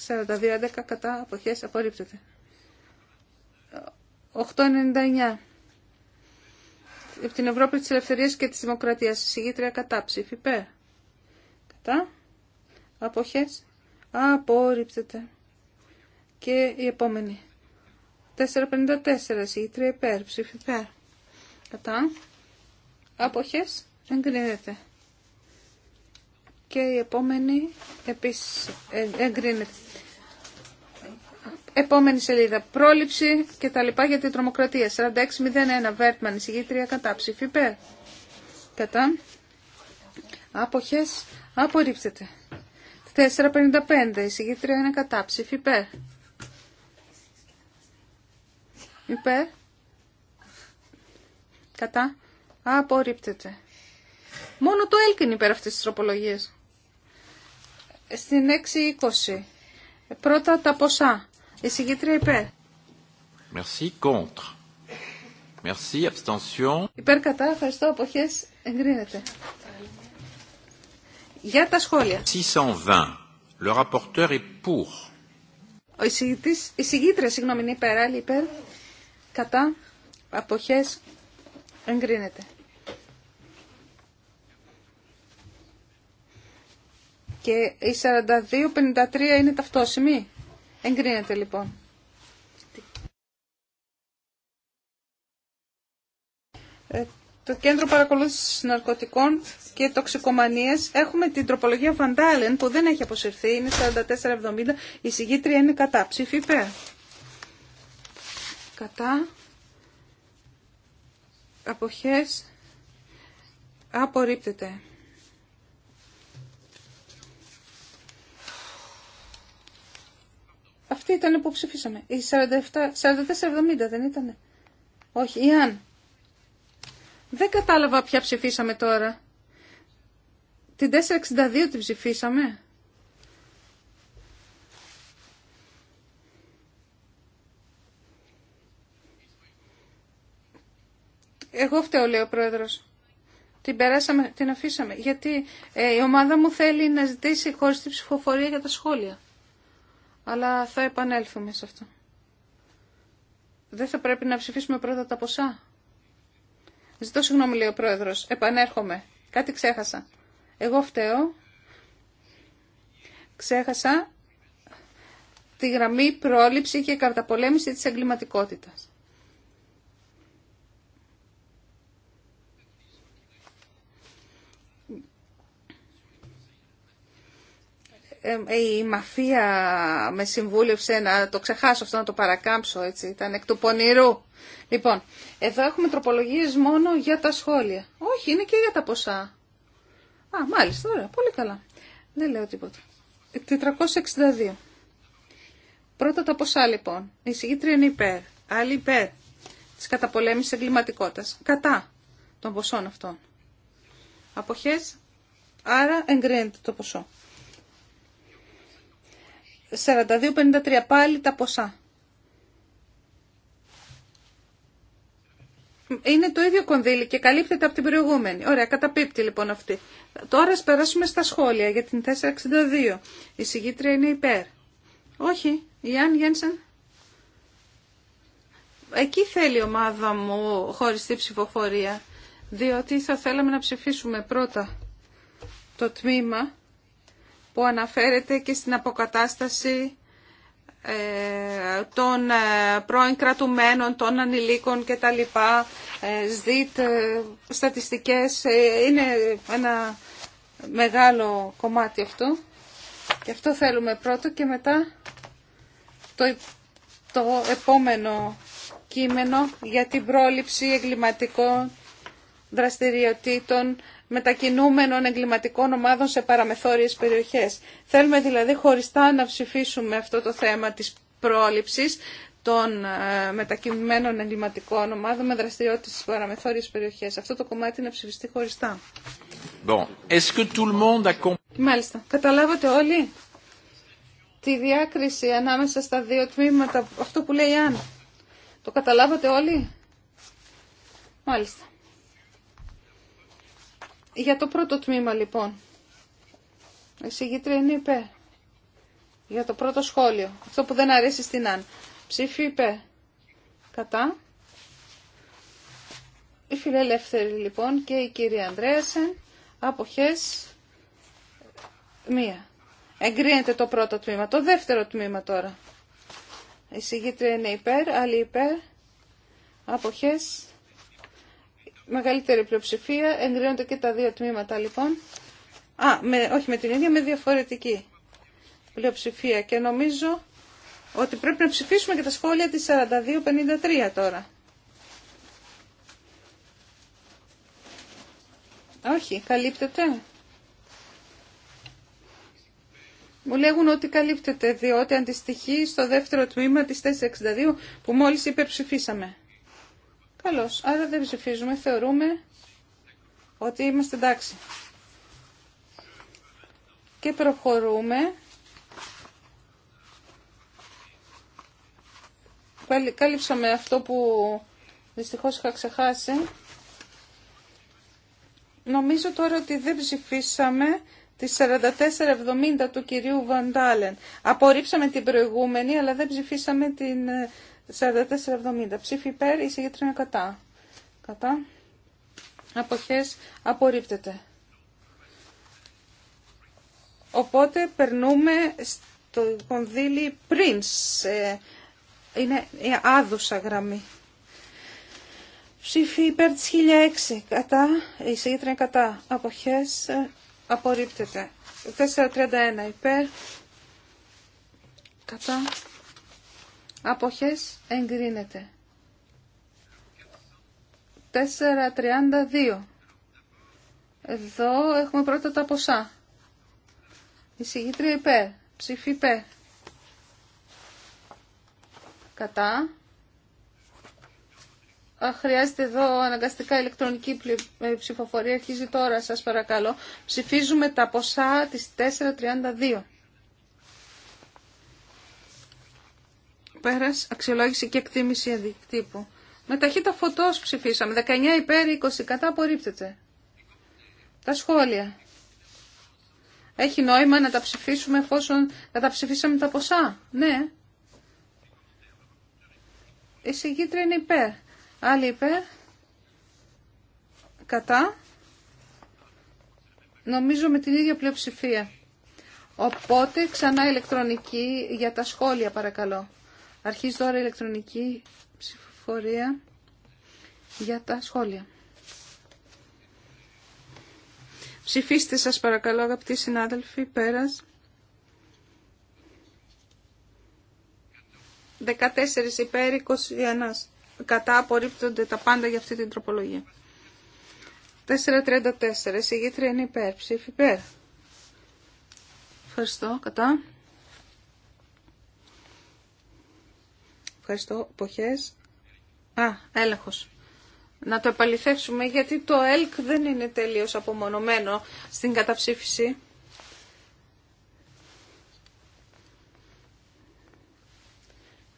42-11 κατά αποχές απορρίπτεται. 899 από την Ευρώπη της Ελευθερίας και της Δημοκρατίας. Συγήτρια κατά ψήφι. υπέρ Κατά. Αποχές. Απορρίπτεται. Και η επόμενη. 454 3 υπέρ, ψήφι υπέρ. Κατά. Αποχές εγκρίνεται. Και η επόμενη επίσης ε, εγκρίνεται. Επόμενη σελίδα. Πρόληψη και τα λοιπά για την τρομοκρατία. 4601 Βέρτμαν, εισηγήτρια κατά ψήφι υπέρ. Κατά. Άποχες απορρίπτεται. 455 εισηγήτρια είναι κατά ψήφι υπέρ. Υπέρ. Κατά. Απορρίπτεται. Μόνο το έλκυν υπέρ αυτής της τροπολογίας. Στην 6.20. Πρώτα τα ποσά. Η συγκήτρια υπέρ. Merci, contre. Merci, abstention. Υπέρ κατά, ευχαριστώ, αποχές, εγκρίνεται. Για τα σχόλια. 620. Le rapporteur est pour. Ο εισηγητής, η συγγνώμη, είναι υπέρ, άλλη υπέρ κατά αποχές εγκρίνεται. Και η 42-53 είναι ταυτόσιμη. Εγκρίνεται λοιπόν. Ε, το Κέντρο Παρακολούθησης Ναρκωτικών και Τοξικομανίας έχουμε την τροπολογία Βαντάλεν που δεν έχει αποσυρθεί, είναι 44-70, η συγγήτρια είναι κατά. Ψήφι κατά αποχές απορρίπτεται. Αυτή ήταν που ψηφίσαμε. Η 4470 δεν ήτανε. Όχι, η Αν. Δεν κατάλαβα ποια ψηφίσαμε τώρα. Την 462 την ψηφίσαμε. Εγώ φταίω, λέει ο πρόεδρο. Την περάσαμε, την αφήσαμε. Γιατί ε, η ομάδα μου θέλει να ζητήσει τη ψηφοφορία για τα σχόλια. Αλλά θα επανέλθουμε σε αυτό. Δεν θα πρέπει να ψηφίσουμε πρώτα τα ποσά. Ζητώ συγγνώμη, λέει ο πρόεδρο. Επανέρχομαι. Κάτι ξέχασα. Εγώ φταίω. Ξέχασα τη γραμμή πρόληψη και καταπολέμηση της εγκληματικότητας. Ε, ε, η μαφία με συμβούλευσε να το ξεχάσω αυτό, να το παρακάμψω, έτσι, ήταν εκ του πονηρού. Λοιπόν, εδώ έχουμε τροπολογίες μόνο για τα σχόλια. Όχι, είναι και για τα ποσά. Α, μάλιστα, ωραία, πολύ καλά. Δεν λέω τίποτα. 462. Πρώτα τα ποσά λοιπόν. Η συγκήτρια είναι υπέρ. Άλλη υπέρ τη καταπολέμηση εγκληματικότητα. Κατά των ποσών αυτών. Αποχές. Άρα εγκρίνεται το ποσό. 42-53 πάλι τα ποσά. Είναι το ίδιο κονδύλι και καλύπτεται από την προηγούμενη. Ωραία, καταπίπτει λοιπόν αυτή. Τώρα ας περάσουμε στα σχόλια για την 462. Η συγκήτρια είναι υπέρ. Όχι, η Γένσεν. Εκεί θέλει η ομάδα μου χωριστή ψηφοφορία, διότι θα θέλαμε να ψηφίσουμε πρώτα το τμήμα που αναφέρεται και στην αποκατάσταση ε, των ε, πρώην κρατουμένων, των ανηλίκων και τα λοιπά, ε, ΣΔΙΤ, στατιστικές, είναι ένα μεγάλο κομμάτι αυτό. Και αυτό θέλουμε πρώτο και μετά το, το επόμενο κείμενο για την πρόληψη εγκληματικών δραστηριοτήτων μετακινούμενων εγκληματικών ομάδων σε παραμεθόριες περιοχές. Θέλουμε δηλαδή χωριστά να ψηφίσουμε αυτό το θέμα της πρόληψης των ε, μετακινημένων εγκληματικών ομάδων με δραστηριότητες στις παραμεθόριες περιοχές. Αυτό το κομμάτι να ψηφιστεί χωριστά. Bon. Que tout le monde a... Μάλιστα. Καταλάβατε όλοι τη διάκριση ανάμεσα στα δύο τμήματα, αυτό που λέει Άννα Το καταλάβατε όλοι. Μάλιστα. Για το πρώτο τμήμα λοιπόν. Εισηγήτρια είναι υπέ, Για το πρώτο σχόλιο. Αυτό που δεν αρέσει στην Αν. Ψήφι υπέ, Κατά. Η φιλελεύθερη λοιπόν και η κυρία Ανδρέασεν. Αποχές. Μία. Εγκρίνεται το πρώτο τμήμα. Το δεύτερο τμήμα τώρα. Η συγγήτρια είναι υπέρ, άλλη υπέρ. Αποχές μεγαλύτερη πλειοψηφία. Εγκρίνονται και τα δύο τμήματα λοιπόν. Α, με, όχι με την ίδια, με διαφορετική πλειοψηφία. Και νομίζω ότι πρέπει να ψηφίσουμε και τα σχόλια της 4253 τώρα. Όχι, καλύπτεται. Μου λέγουν ότι καλύπτεται, διότι αντιστοιχεί στο δεύτερο τμήμα της 462 που μόλις υπερψηφίσαμε. Καλώς. Άρα δεν ψηφίζουμε. Θεωρούμε ότι είμαστε εντάξει. Και προχωρούμε. Κάλυψαμε αυτό που δυστυχώς είχα ξεχάσει. Νομίζω τώρα ότι δεν ψηφίσαμε τη 4470 του κυρίου Βαντάλεν. Απορρίψαμε την προηγούμενη, αλλά δεν ψηφίσαμε την ε, 4470. Ψήφι υπέρ, η κατά. Κατά. Αποχές απορρίπτεται. Οπότε περνούμε στο κονδύλι Prince. Ε, είναι η άδουσα γραμμή. Ψήφι υπέρ της 1006. Κατά. Η κατά. Αποχές ε, απορρίπτεται. 431 υπέρ. Κατά Αποχές εγκρίνεται. 4.32. Εδώ έχουμε πρώτα τα ποσά. Εισηγήτρια υπέρ. Ψήφι υπέρ. Κατά. Χρειάζεται εδώ αναγκαστικά ηλεκτρονική ε, ψηφοφορία. Αρχίζει τώρα, σας παρακαλώ. Ψηφίζουμε τα ποσά της 432. Πέρας, αξιολόγηση και εκτίμηση αντικτύπου. Με ταχύτητα φωτός ψηφίσαμε. 19 υπέρ, 20 κατά απορρίπτεται. Τα σχόλια. Έχει νόημα να τα ψηφίσουμε εφόσον ψηφίσαμε τα ποσά. Ναι. Η συγκίτρια είναι υπέρ. Άλλη υπέρ. Κατά. Νομίζω με την ίδια πλειοψηφία. Οπότε ξανά ηλεκτρονική για τα σχόλια παρακαλώ. Αρχίζει τώρα η ηλεκτρονική ψηφοφορία για τα σχόλια. Ψηφίστε σας παρακαλώ αγαπητοί συνάδελφοι, πέρας. 14 υπέρ 21 κατά απορρίπτονται τα πάντα για αυτή την τροπολογία. 4.34. Συγγήτρια είναι υπέρ. Ψήφι υπέρ. Ευχαριστώ. Κατά. Ευχαριστώ. ποχε. Α, έλεγχο. Να το επαληθεύσουμε γιατί το ΕΛΚ δεν είναι τελείω απομονωμένο στην καταψήφιση.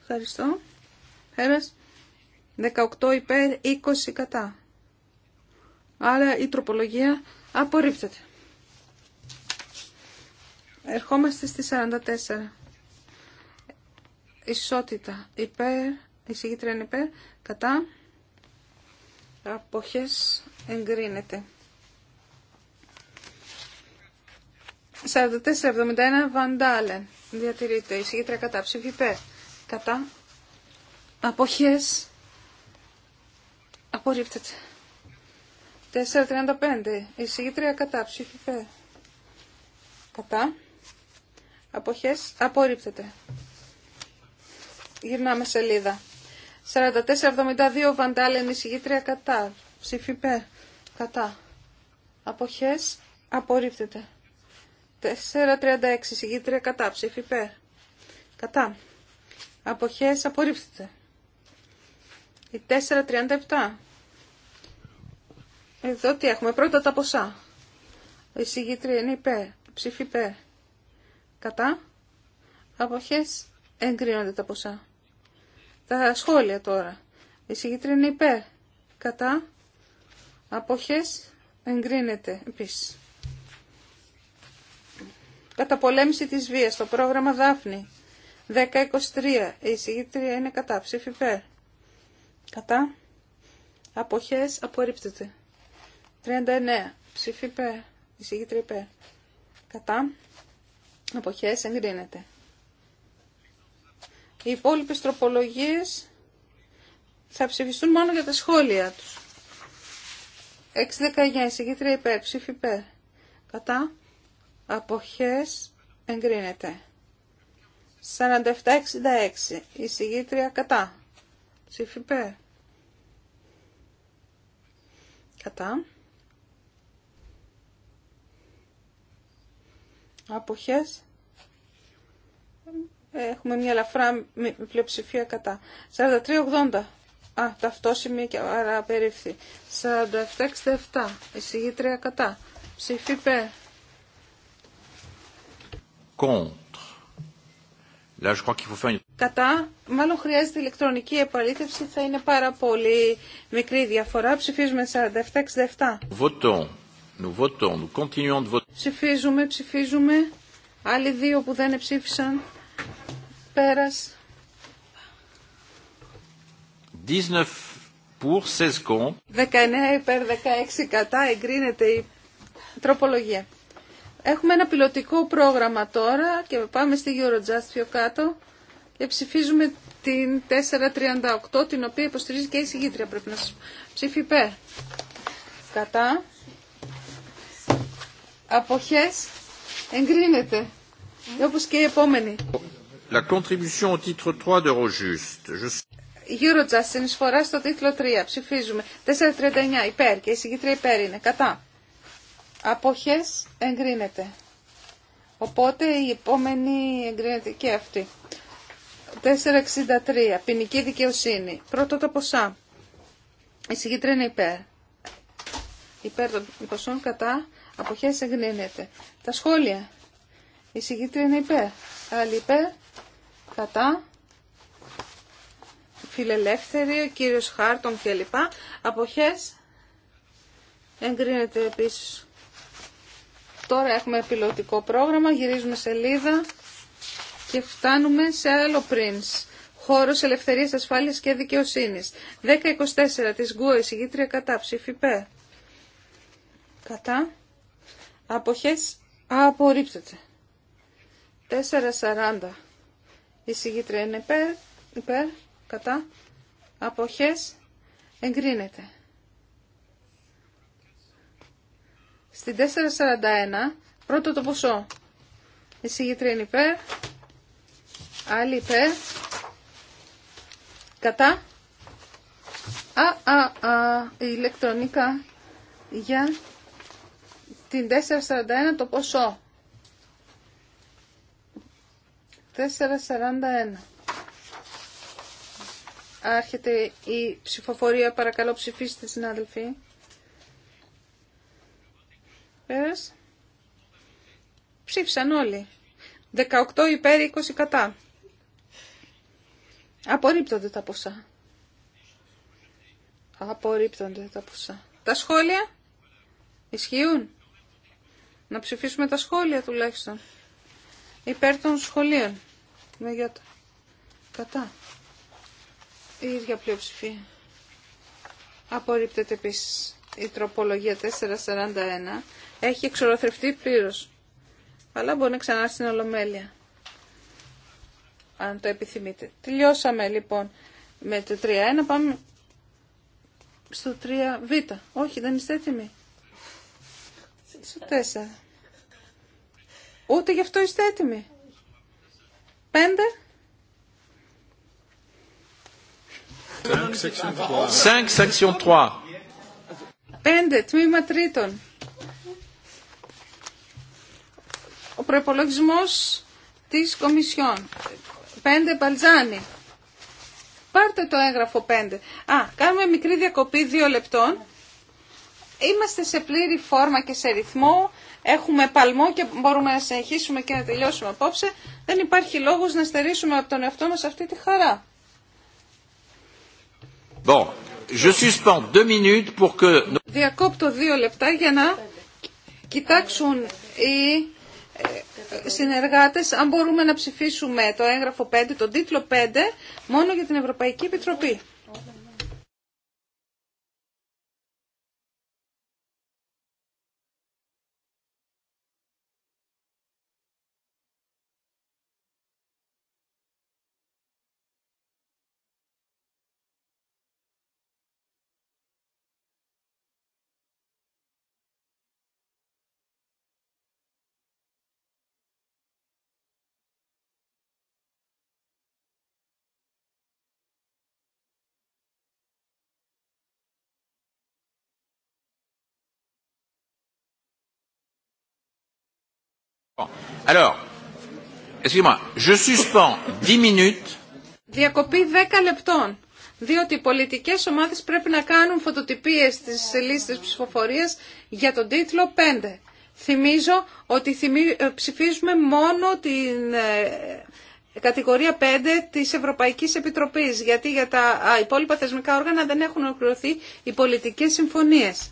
Ευχαριστώ. Πέρας. 18 υπέρ, 20 κατά. Άρα η τροπολογία απορρίπτεται. Ερχόμαστε στη 44 ισότητα υπέρ, εισηγήτρια είναι υπέρ, κατά, αποχές 44,71, 44-71 Βαντάλεν διατηρείται, εισηγήτρια κατά, ψήφι υπέρ, κατά, αποχές απορρίπτεται. 4.35 εισηγήτρια κατά, ψήφι υπέρ, κατά, αποχές απορρίπτεται. Γυρνάμε σελίδα. 4472 Βαντάλεν εισηγήτρια κατά. Ψήφι Κατά. Αποχές. Απορρίπτεται. 436 εισηγήτρια κατά. Ψήφι Κατά. Αποχές. Απορρίπτεται. Η 437. Εδώ τι έχουμε. Πρώτα τα ποσά. Η εισηγήτρια είναι υπέ. Ψήφι Κατά. Αποχές. Εγκρίνονται τα ποσά. Τα σχόλια τώρα. Η συγκεκριμένη είναι υπέρ. Κατά. Αποχές εγκρίνεται επίσης. Καταπολέμηση της βίας. Το πρόγραμμα Δάφνη. 10-23. Η συγκεκριμένη είναι κατά. Ψήφι υπέρ. Κατά. Αποχές απορρίπτεται. 39. Ψήφι υπέρ. Η συγκεκριμένη υπέρ. Κατά. Αποχές εγκρίνεται. Οι υπόλοιπε τροπολογίες θα ψηφιστούν μόνο για τα σχόλια τους. 6-19, εισηγήτρια υπέρ, ψήφι υπέρ. Κατά, αποχές, εγκρίνεται. 47-66, εισηγήτρια κατά, ψήφι υπέρ. Κατά. Αποχές. Έχουμε μια ελαφρά πλειοψηφία κατά. 43-80. Α, ταυτόσημη και άρα απερίφθη. 47-67. Εισηγήτρια κατά. Ψήφι Κατά, μάλλον χρειάζεται ηλεκτρονική επαλήθευση, θα είναι πάρα πολύ μικρή διαφορά. Ψηφίζουμε 47-67. Votons. Nous votons. Nous continuons Ψηφίζουμε, ψηφίζουμε. Άλλοι δύο που δεν ψήφισαν. Πέρας. 19 pour 16 υπέρ 16 κατά εγκρίνεται η τροπολογία. Έχουμε ένα πιλωτικό πρόγραμμα τώρα και πάμε στη Eurojust πιο κάτω και ψηφίζουμε την 438 την οποία υποστηρίζει και η συγκήτρια πρέπει να σας ψήφι υπέρ. Κατά. Αποχές εγκρίνεται. Όπως και η επόμενη. La contribution au titre 3 d'Eurojust. Eurojust, συνεισφορά στο τίτλο 3. Ψηφίζουμε. 439 υπέρ και η συγκήτρια υπέρ είναι. Κατά. Αποχές εγκρίνεται. Οπότε η επόμενη εγκρίνεται και αυτή. 463. Ποινική δικαιοσύνη. Πρώτο το ποσά. Η συγκήτρια είναι υπέρ. Υπέρ των ποσών κατά. Αποχές εγκρίνεται. Τα σχόλια. Η συγκήτρια είναι υπέρ. Άλλη υπέρ κατά, φιλελεύθερη, κύριος Χάρτον κλπ. Αποχές εγκρίνεται επίσης. Τώρα έχουμε πιλωτικό πρόγραμμα, γυρίζουμε σελίδα και φτάνουμε σε άλλο πρινς. Χώρος ελευθερίας, ασφάλεια και δικαιοσύνης. 10.24 της Γκουα εισηγήτρια κατά, ψήφι Κατά. Αποχές απορρίπτεται. 4.40 η συγγήτρια είναι υπέρ, υπέρ, κατά, αποχές, εγκρίνεται. Στην 441, πρώτο το ποσό. Η συγγήτρια είναι υπέρ, άλλη υπέρ, κατά, α, α, α, ηλεκτρονικά για την 441 το ποσό. 4-41. Άρχεται η ψηφοφορία. Παρακαλώ ψηφίστε συνάδελφοι. Πέρας. Ψήφισαν όλοι. 18 υπέρ, 20 κατά. Απορρίπτονται τα ποσά. Απορρίπτονται τα ποσά. Τα σχόλια ισχύουν. Να ψηφίσουμε τα σχόλια τουλάχιστον. Υπέρ των σχολείων. Ναι, Κατά. Η ίδια πλειοψηφία. Απορρίπτεται επίση η τροπολογία 441. Έχει εξολοθρευτεί πλήρω. Αλλά μπορεί να ξανάρθει στην Ολομέλεια. Αν το επιθυμείτε. Τελειώσαμε λοιπόν με το 3-1. Πάμε στο 3Β. Όχι, δεν είστε έτοιμοι. Στο 4. Ούτε γι' αυτό είστε έτοιμοι. Πέντε. 5 3. τμήμα τρίτων, Ο προπολογισμό τη Κομισιόν. πέντε Μπαλζάνη. Πάρτε το έγγραφο πέντε. Α, κάνουμε μικρή διακοπή δύο λεπτών. Είμαστε σε πλήρη φόρμα και σε ρυθμό έχουμε παλμό και μπορούμε να συνεχίσουμε και να τελειώσουμε απόψε, δεν υπάρχει λόγος να στερήσουμε από τον εαυτό μας αυτή τη χαρά. Bon. Je minutes pour que... Διακόπτω δύο λεπτά για να κοιτάξουν οι ε, συνεργάτες αν μπορούμε να ψηφίσουμε το έγγραφο 5, τον τίτλο 5, μόνο για την Ευρωπαϊκή Επιτροπή. Διακοπή 10 λεπτών. Διότι οι πολιτικές ομάδες πρέπει να κάνουν φωτοτυπίες στις λίστες ψηφοφορίας για τον τίτλο 5. Θυμίζω ότι ε, ψηφίζουμε μόνο την ε, κατηγορία 5 της Ευρωπαϊκής Επιτροπής, γιατί για τα υπόλοιπα θεσμικά όργανα δεν έχουν ολοκληρωθεί οι πολιτικές συμφωνίες.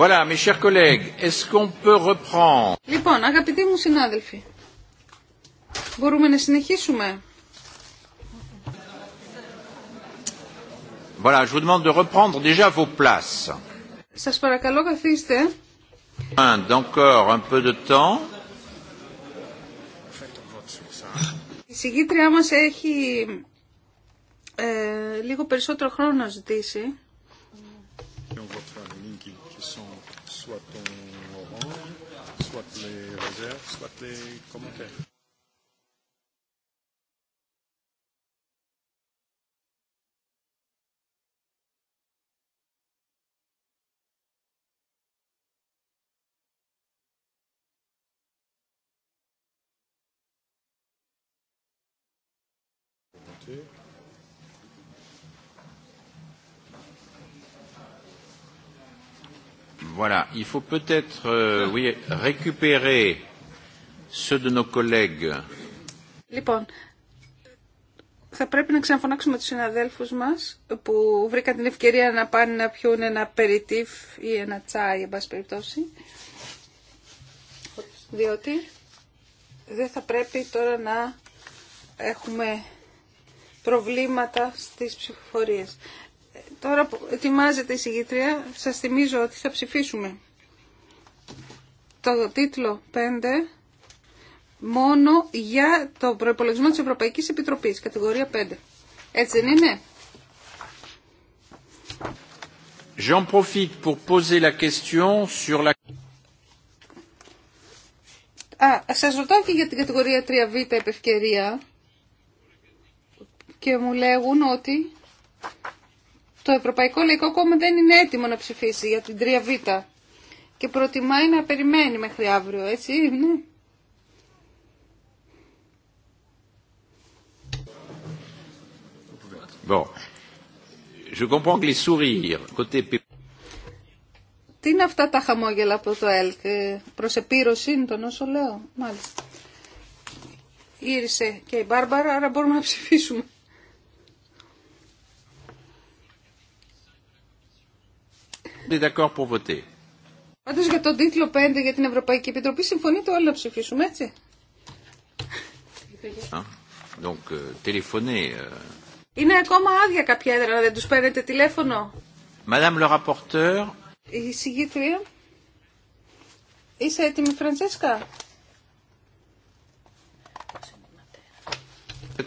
Voilà, mes chers collègues, est-ce qu'on peut reprendre... Λοιπόν, αγαπητοί μου συνάδελφοι, μπορούμε να συνεχίσουμε. Voilà, je vous demande de reprendre déjà vos places. Σας παρακαλώ καθίστε. Un, Encore un peu de temps. Η συγκήτριά μας έχει ε, λίγο περισσότερο χρόνο να ζητήσει. soit les réserves, soit les commentaires. Thank you. Voilà, il faut peut-être euh, oui, récupérer ceux de nos collègues. Λοιπόν, θα πρέπει να ξαναφωνάξουμε τους συναδέλφους μας που βρήκαν την ευκαιρία να πάνε να πιούν ένα περιτύφ ή ένα τσάι, εν πάση περιπτώσει. Διότι δεν θα πρέπει τώρα να έχουμε προβλήματα στις ψηφοφορίες. Τώρα που ετοιμάζεται η συγγήτρια, σας θυμίζω ότι θα ψηφίσουμε το τίτλο 5 μόνο για το προϋπολογισμό της Ευρωπαϊκής Επιτροπής, κατηγορία 5. Έτσι δεν είναι? J'en profite pour poser Α, σας ρωτάω και για την κατηγορία 3β επευκαιρία και μου λέγουν ότι το Ευρωπαϊκό Λαϊκό Κόμμα δεν είναι έτοιμο να ψηφίσει για την 3Β και προτιμάει να περιμένει μέχρι αύριο, έτσι είναι. Bon. Je τι είναι αυτά τα χαμόγελα από το ΕΛΚ, ε, προς επίρρωση είναι τον όσο λέω, μάλιστα. Ήρισε και η Μπάρμπαρα, άρα μπορούμε να ψηφίσουμε. est d'accord pour voter. Πάντως για τον τίτλο 5 για την Ευρωπαϊκή Επιτροπή συμφωνείτε όλοι να ψηφίσουμε, έτσι. Donc, euh, téléphoner, euh. Είναι ακόμα άδεια κάποια έδρα, δεν τους παίρνετε τηλέφωνο. Madame le rapporteur. Η συγγήτρια. Είσαι έτοιμη, Φραντσέσκα.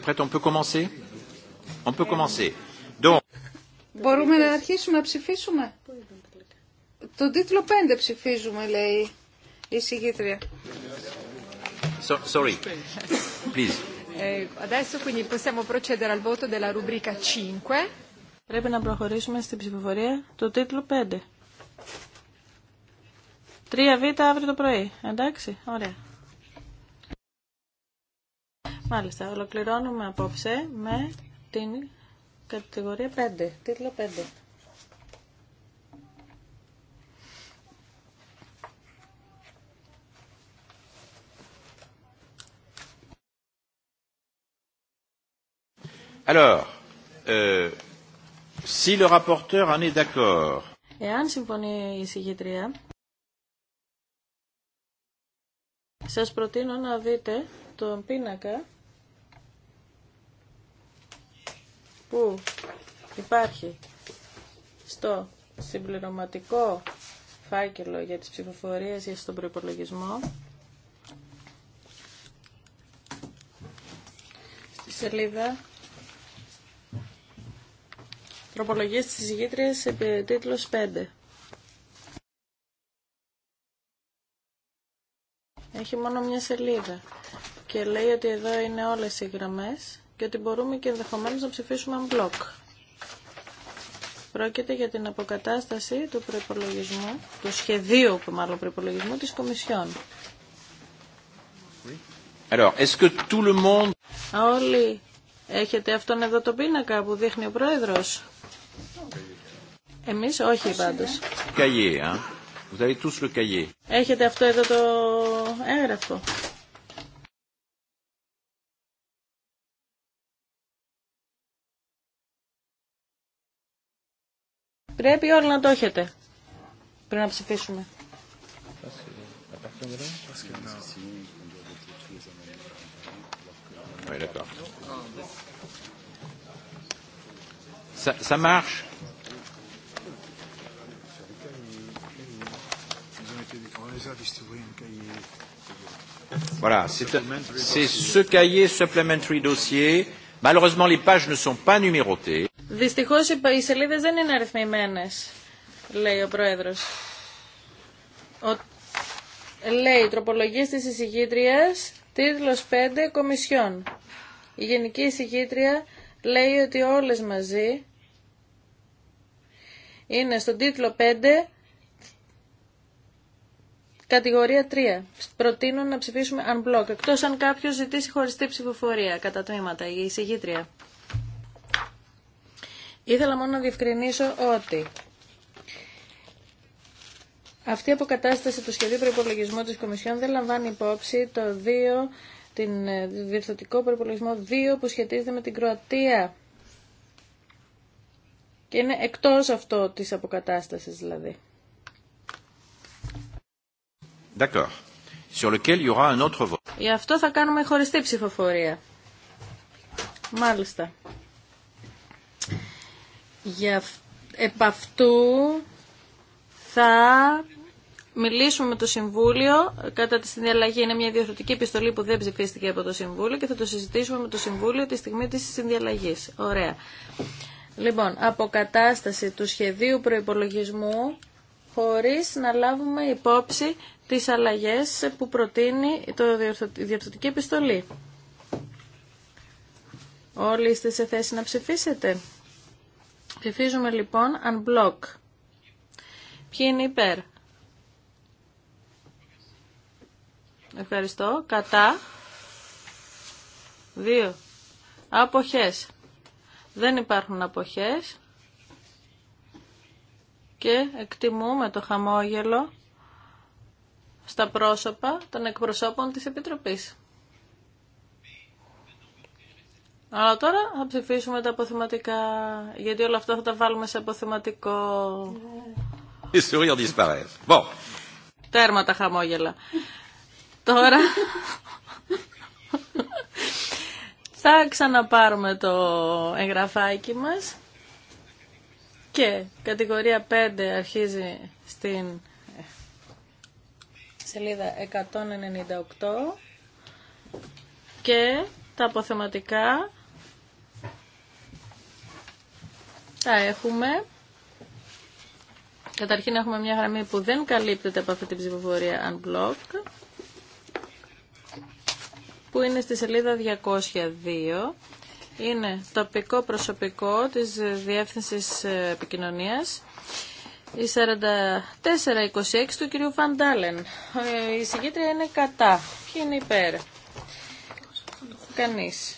Prête, on peut commencer On peut commencer. Donc... Μπορούμε να αρχίσουμε να ψηφίσουμε. Τον τίτλο 5 ψηφίζουμε, λέει η συγκήτρια. So, sorry. Please. Eh, adesso quindi possiamo procedere al voto della rubrica 5. Πρέπει να προχωρήσουμε στην ψηφοφορία του τίτλου 5. 3β αύριο το πρωί. Εντάξει, ωραία. Μάλιστα, ολοκληρώνουμε απόψε με την κατηγορία 5, τίτλο 5. Euh, Εάν συμφωνεί η συγγετρία, σας προτείνω να δείτε τον πίνακα που υπάρχει στο συμπληρωματικό φάκελο για τις ψηφοφορίες ή στον προϋπολογισμό Στη σελίδα Τροπολογίες της επί τίτλος 5. Έχει μόνο μια σελίδα και λέει ότι εδώ είναι όλες οι γραμμές και ότι μπορούμε και ενδεχομένως να ψηφίσουμε μπλοκ. Πρόκειται για την αποκατάσταση του προπολογισμού, του σχεδίου που μάλλον προπολογισμού της Κομισιόν. Alors, Όλοι έχετε αυτόν εδώ το πίνακα που δείχνει ο Πρόεδρος. Εμεί, όχι πάντως. Έχετε αυτό εδώ το έγγραφο. Πρέπει όλοι να το έχετε πριν να ψηφίσουμε. Ça, ça marche Δυστυχώς οι σελίδες δεν είναι αριθμημένες, λέει ο Πρόεδρος. Ο... Λέει, τροπολογίες της εισηγήτριας, τίτλος 5, Κομισιόν. Η Γενική Εισηγήτρια λέει ότι όλες μαζί είναι στον τίτλο 5, κατηγορία 3. Προτείνω να ψηφίσουμε unblock, εκτός αν κάποιος ζητήσει χωριστή ψηφοφορία κατά τμήματα, η εισηγήτρια. Ήθελα μόνο να διευκρινίσω ότι αυτή η αποκατάσταση του σχεδίου προπολογισμού της Κομισιόν δεν λαμβάνει υπόψη το 2, την ε, διορθωτικό προπολογισμό 2 που σχετίζεται με την Κροατία. Και είναι εκτός αυτό της αποκατάστασης δηλαδή. D'accord. Sur lequel y aura un autre vote. Γι' αυτό θα κάνουμε χωριστή ψηφοφορία. Μάλιστα. Για επ' αυτού θα μιλήσουμε με το Συμβούλιο κατά τη συνδιαλλαγή. Είναι μια διορθωτική επιστολή που δεν ψηφίστηκε από το Συμβούλιο και θα το συζητήσουμε με το Συμβούλιο τη στιγμή της συνδιαλλαγής. Ωραία. Λοιπόν, αποκατάσταση του σχεδίου προϋπολογισμού χωρίς να λάβουμε υπόψη τις αλλαγές που προτείνει το διορθωτική επιστολή. Όλοι είστε σε θέση να ψηφίσετε. Ψηφίζουμε λοιπόν unblock. Ποιοι είναι υπέρ. Ευχαριστώ. Κατά. Δύο. Αποχές. Δεν υπάρχουν αποχές και εκτιμούμε το χαμόγελο στα πρόσωπα των εκπροσώπων της Επιτροπής. Αλλά τώρα θα ψηφίσουμε τα αποθεματικά, γιατί όλα αυτά θα τα βάλουμε σε αποθεματικό. Τέρμα τα χαμόγελα. τώρα... Θα ξαναπάρουμε το εγγραφάκι μας και κατηγορία 5 αρχίζει στην σελίδα 198 και τα αποθεματικά τα έχουμε. Καταρχήν έχουμε μια γραμμή που δεν καλύπτεται από αυτή την ψηφοφορία unblock που είναι στη σελίδα 202. Είναι τοπικό προσωπικό της Διεύθυνσης ε, Επικοινωνίας. Η 4426 του κυρίου Φαντάλεν. Ε, η συγκίτρια είναι κατά. Ποιοι είναι υπέρ. Κανείς.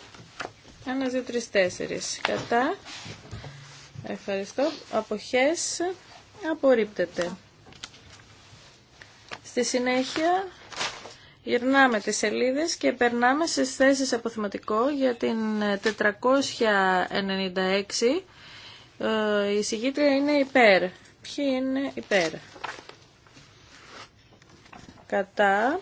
Ένα, δύο, δύο, τρει-τέσσερι Κατά. Ευχαριστώ. Αποχές. Απορρίπτεται. Στη συνέχεια Γυρνάμε τις σελίδες και περνάμε στις θέσεις αποθυματικό για την 496. Ε, η συγκήτρια είναι υπέρ. Ποιοι είναι υπέρ. Κατά.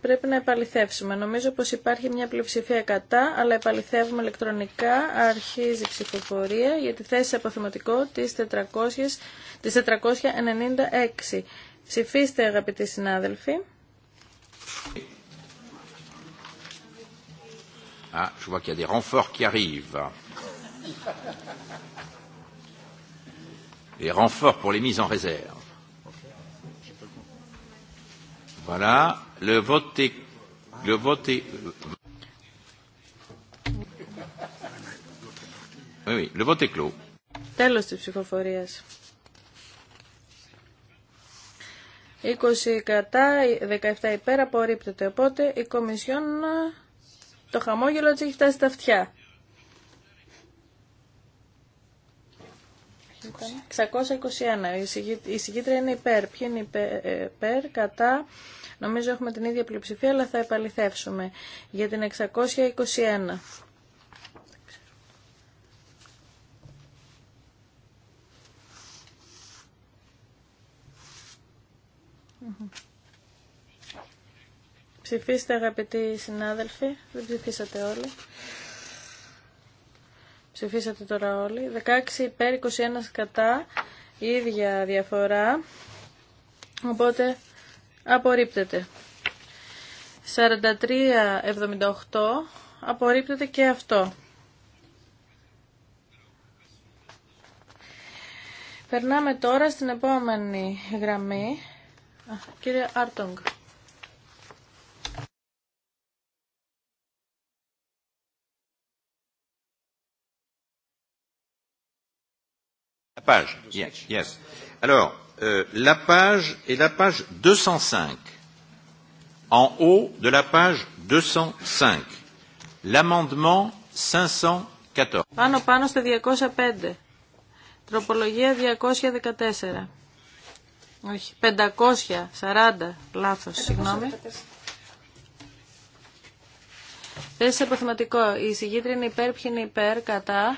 πρέπει να επαληθεύσουμε. Νομίζω πως υπάρχει μια πλειοψηφία κατά, αλλά επαληθεύουμε ηλεκτρονικά. Αρχίζει η ψηφοφορία για τη θέση αποθεματικό της, 400, της 496. Ψηφίστε αγαπητοί συνάδελφοι. Ah, je vois qu'il y a des renforts qui arrivent. Les renforts pour les mises en réserve. Voilà, Le vote est... Le vote est... Oui, oui, le vote est clos. Τέλος της ψηφοφορίας. 20 κατά, 17 υπέρ απορρίπτεται. Οπότε η Κομισιόν το χαμόγελο της έχει φτάσει στα αυτιά. 621. Η συγκίτρια είναι υπέρ. Ποιοι είναι ε, υπέρ, κατά. Νομίζω έχουμε την ίδια πλειοψηφία, αλλά θα επαληθεύσουμε για την 621. Ψηφίστε αγαπητοί συνάδελφοι, δεν ψηφίσατε όλοι. Ψηφίσατε τώρα όλοι. 16 υπέρ, 21 κατά. Η ίδια διαφορά. Οπότε απορρίπτεται. 43-78 απορρίπτεται και αυτό. Περνάμε τώρα στην επόμενη γραμμή. Α, κύριε Άρτογκ. page. Yes. Alors, euh, la page est la page 205. En haut de la page 205. L'amendement 514. Πάνω πάνω στο 205. Τροπολογία 214. Όχι, 540. Λάθος, συγγνώμη. Θέση σε αποθεματικό. Η συγκίτρια είναι υπέρ, ποιοι είναι υπέρ, κατά.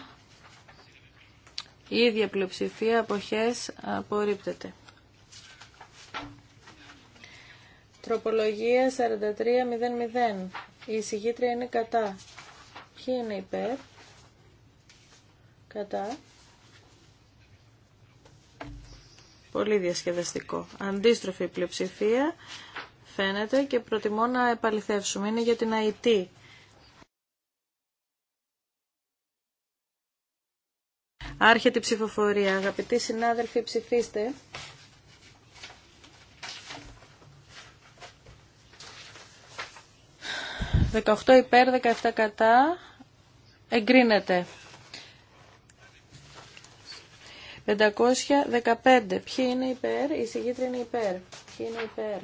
Η ίδια πλειοψηφία αποχές απορρίπτεται. Τροπολογία 43.00. Η εισηγήτρια είναι κατά. Ποιοι είναι υπέρ. Κατά. Πολύ διασκεδαστικό. Αντίστροφη πλειοψηφία φαίνεται και προτιμώ να επαληθεύσουμε. Είναι για την IT. Άρχεται η ψηφοφορία. Αγαπητοί συνάδελφοι, ψηφίστε. «18 υπέρ, 17 κατά, εγκρίνεται». 515. Ποιοι είναι υπέρ, η συγκίτρια είναι υπέρ. Ποιοι είναι υπέρ.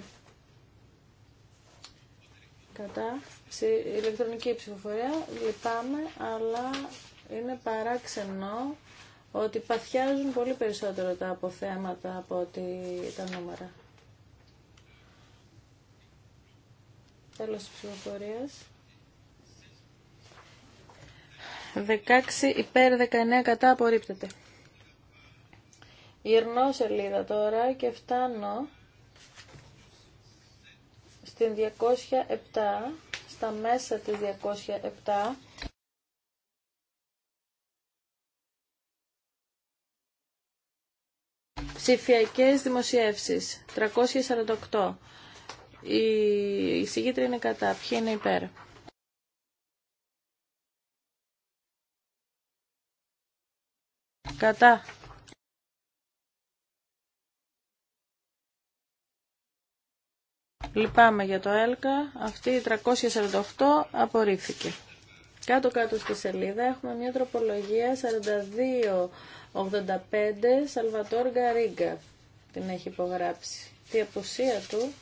Κατά. ηλεκτρονική ψηφοφορία λυπάμαι, αλλά είναι παράξενο ότι παθιάζουν πολύ περισσότερο τα αποθέματα από ότι τα νούμερα. Τέλος της ψηφοφορίας. 16 υπέρ 19 κατά απορρίπτεται. Γυρνώ σελίδα τώρα και φτάνω στην 207, στα μέσα της 207 Ψηφιακές δημοσιεύσεις. 348. Η συγκίτρια είναι κατά. Ποιοι είναι υπέρ. Κατά. Λυπάμαι για το ΕΛΚΑ. Αυτή η 348 απορρίφθηκε. Κάτω-κάτω στη σελίδα έχουμε μια τροπολογία 42 85 Σαλβατόρ Γκαρίγκα την έχει υπογράψει. Τη αποσία του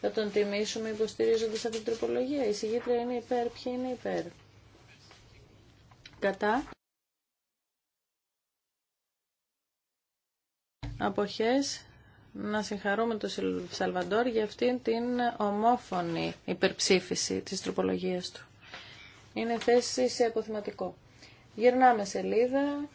θα τον τιμήσουμε υποστηρίζοντα αυτή την τροπολογία. Η συγγήτρια είναι υπέρ. ποιοι είναι υπέρ. Κατά. Αποχές. Να συγχαρούμε τον Σαλβαντόρ για αυτήν την ομόφωνη υπερψήφιση της τροπολογίας του. Είναι θέση σε αποθυματικό. Γυρνάμε σελίδα.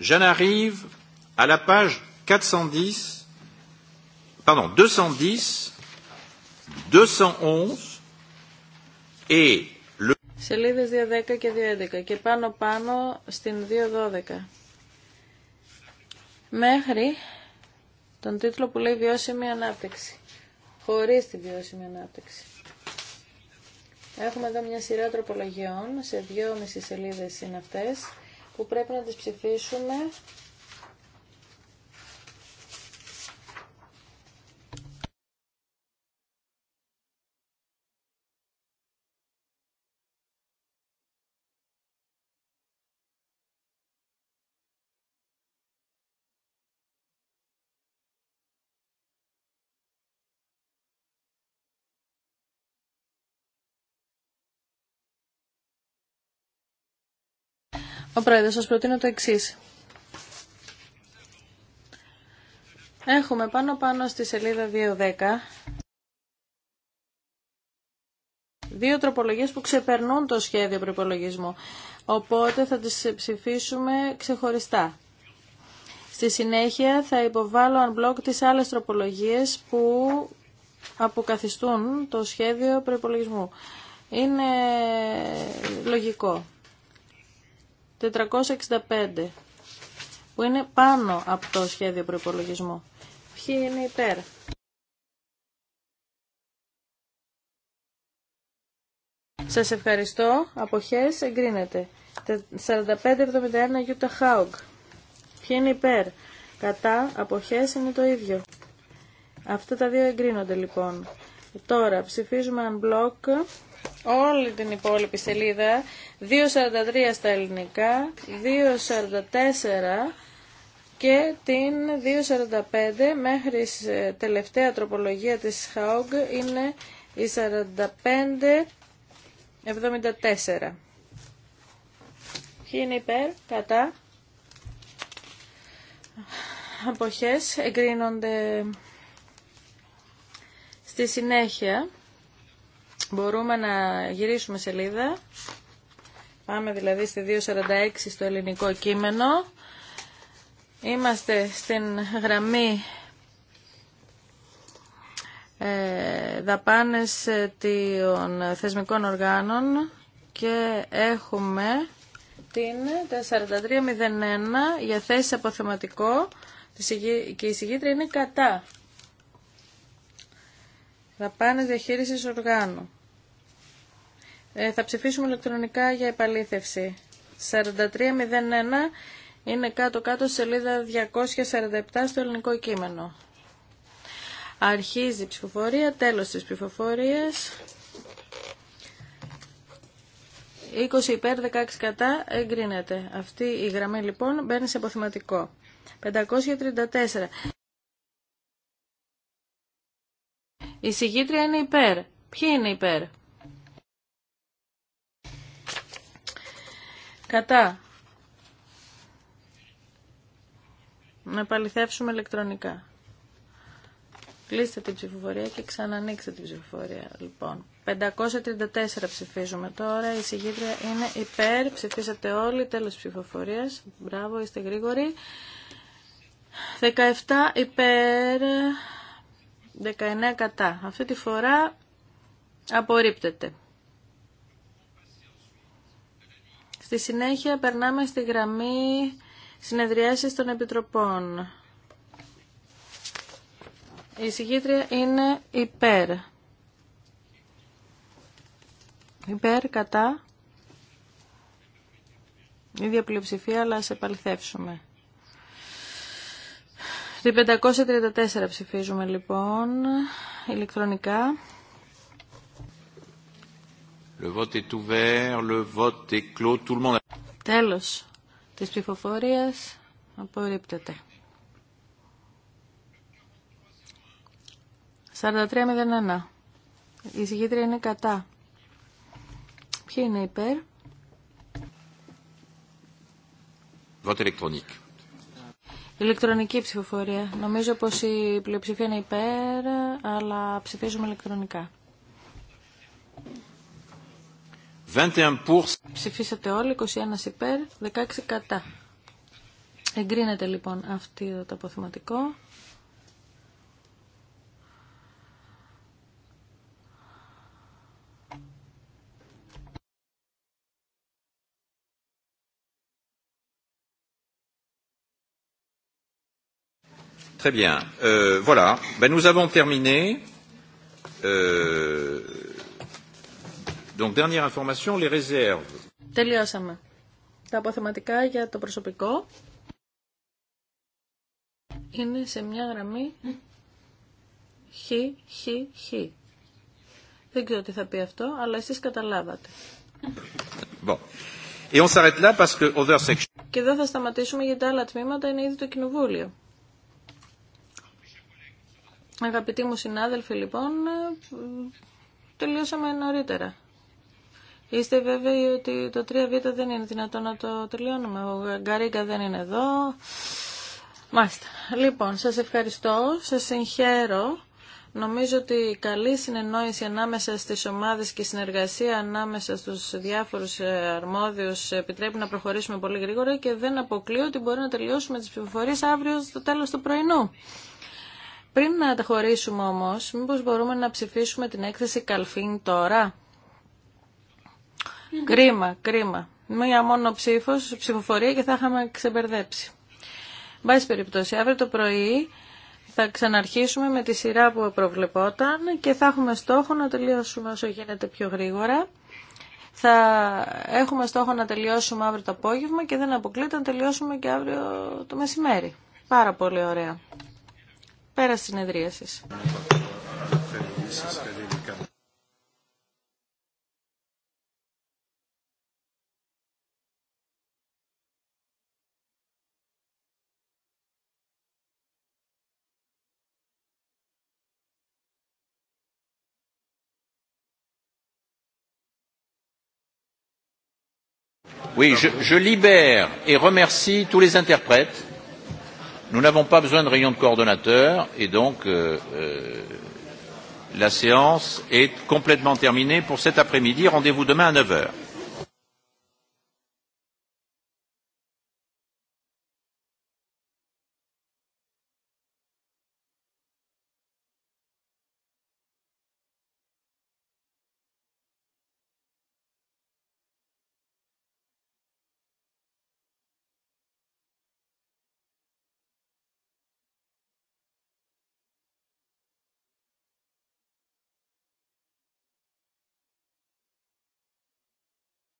J'en 210, 211 et le... Σελίδες 210 και 211 και πάνω πάνω στην 212. Μέχρι τον τίτλο που λέει βιώσιμη ανάπτυξη. Χωρίς τη βιώσιμη ανάπτυξη. Έχουμε εδώ μια σειρά τροπολογιών, σε δυόμιση σελίδες είναι αυτές που πρέπει να τις ψηφίσουμε Ο Πρόεδρος, σας προτείνω το εξής. Έχουμε πάνω πάνω στη σελίδα 2.10 δύο τροπολογίες που ξεπερνούν το σχέδιο προπολογισμού. Οπότε θα τις ψηφίσουμε ξεχωριστά. Στη συνέχεια θα υποβάλω μπλόκ τις άλλες τροπολογίες που αποκαθιστούν το σχέδιο προπολογισμού. Είναι λογικό. 465 που είναι πάνω από το σχέδιο προϋπολογισμού. Ποιοι είναι υπέρ. Σας ευχαριστώ. Αποχές εγκρίνεται. 4571 Utah Haug. Ποιοι είναι υπέρ. Κατά. Αποχές είναι το ίδιο. Αυτά τα δύο εγκρίνονται λοιπόν. Τώρα ψηφίζουμε μπλοκ όλη την υπόλοιπη σελίδα 2.43 στα ελληνικά 2.44 και την 2.45 μέχρι ε, τελευταία τροπολογία της Χαόγκ είναι η 45.74 Ποιοι είναι υπέρ, κατά αποχές εγκρίνονται στη συνέχεια Μπορούμε να γυρίσουμε σελίδα. Πάμε δηλαδή στη 246 στο ελληνικό κείμενο. Είμαστε στην γραμμή ε, δαπάνες των θεσμικών οργάνων και έχουμε την 4301 για θέση αποθεματικό και η συγκίτρια είναι κατά. Δαπάνες διαχείρισης οργάνου. Ε, θα ψηφίσουμε ηλεκτρονικά για επαλήθευση. 4301 είναι κάτω-κάτω σελίδα 247 στο ελληνικό κείμενο. Αρχίζει η ψηφοφορία, τέλος της ψηφοφορίας. 20 υπέρ, 16 κατά, εγκρίνεται. Αυτή η γραμμή λοιπόν μπαίνει σε αποθηματικό. 534. Η συγγήτρια είναι υπέρ. Ποιοι είναι υπέρ. Κατά. Να επαληθεύσουμε ηλεκτρονικά. Κλείστε την ψηφοφορία και ξανανοίξτε την ψηφοφορία. Λοιπόν, 534 ψηφίζουμε τώρα. Η συγκίτρια είναι υπέρ. Ψηφίσατε όλοι. Τέλος ψηφοφορίας. Μπράβο, είστε γρήγοροι. 17 υπέρ, 19 κατά. Αυτή τη φορά απορρίπτεται. Στη συνέχεια περνάμε στη γραμμή συνεδριάσεις των Επιτροπών. Η εισηγήτρια είναι υπέρ. Υπέρ, κατά. Ίδια πλειοψηφία, αλλά σε επαληθεύσουμε. Την 534 ψηφίζουμε λοιπόν ηλεκτρονικά. Le vote est ouvert, le vote Τέλος της ψηφοφορίας απορρίπτεται. 43.01. Η συγκίτρια είναι κατά. Ποιοι είναι υπέρ? Vote électronique. Ηλεκτρονική ψηφοφορία. Νομίζω πως η πλειοψηφία είναι υπέρ, αλλά ψηφίζουμε ηλεκτρονικά. Ψηφίσατε όλοι, 21 υπέρ, 16 κατά. Εγκρίνεται λοιπόν αυτό το αποθυματικό. Très bien. Euh, euh, Τελειώσαμε. Τα αποθεματικά για το προσωπικό είναι σε μια γραμμή χ, χ, χ. Δεν ξέρω τι θα πει αυτό, αλλά εσείς καταλάβατε. Και εδώ θα σταματήσουμε γιατί τα άλλα τμήματα είναι ήδη το κοινοβούλιο. Αγαπητοί μου συνάδελφοι, λοιπόν, ε, τελειώσαμε νωρίτερα. Είστε βέβαιοι ότι το 3β δεν είναι δυνατό να το τελειώνουμε. Ο Γκαρίγκα δεν είναι εδώ. Μάλιστα. Λοιπόν, σας ευχαριστώ. Σας συγχαίρω. Νομίζω ότι η καλή συνεννόηση ανάμεσα στις ομάδες και η συνεργασία ανάμεσα στους διάφορους ε, αρμόδιους επιτρέπει να προχωρήσουμε πολύ γρήγορα και δεν αποκλείω ότι μπορεί να τελειώσουμε τις ψηφοφορίες αύριο στο τέλος του πρωινού. Πριν να τα χωρίσουμε όμως, μήπως μπορούμε να ψηφίσουμε την έκθεση Καλφίν τώρα. Κρίμα, κρίμα. Μία μόνο ψήφο, ψηφοφορία και θα είχαμε ξεμπερδέψει. Μπάση περιπτώσει, αύριο το πρωί θα ξαναρχίσουμε με τη σειρά που προβλεπόταν και θα έχουμε στόχο να τελειώσουμε όσο γίνεται πιο γρήγορα. Θα έχουμε στόχο να τελειώσουμε αύριο το απόγευμα και δεν αποκλείται να τελειώσουμε και αύριο το μεσημέρι. Πάρα πολύ ωραία. Πέρα συνεδρίασης. Oui, je, je libère et remercie tous les interprètes. Nous n'avons pas besoin de réunion de coordonnateurs et donc la séance est complètement terminée pour cet après-midi. Rendez-vous demain à 9 heures.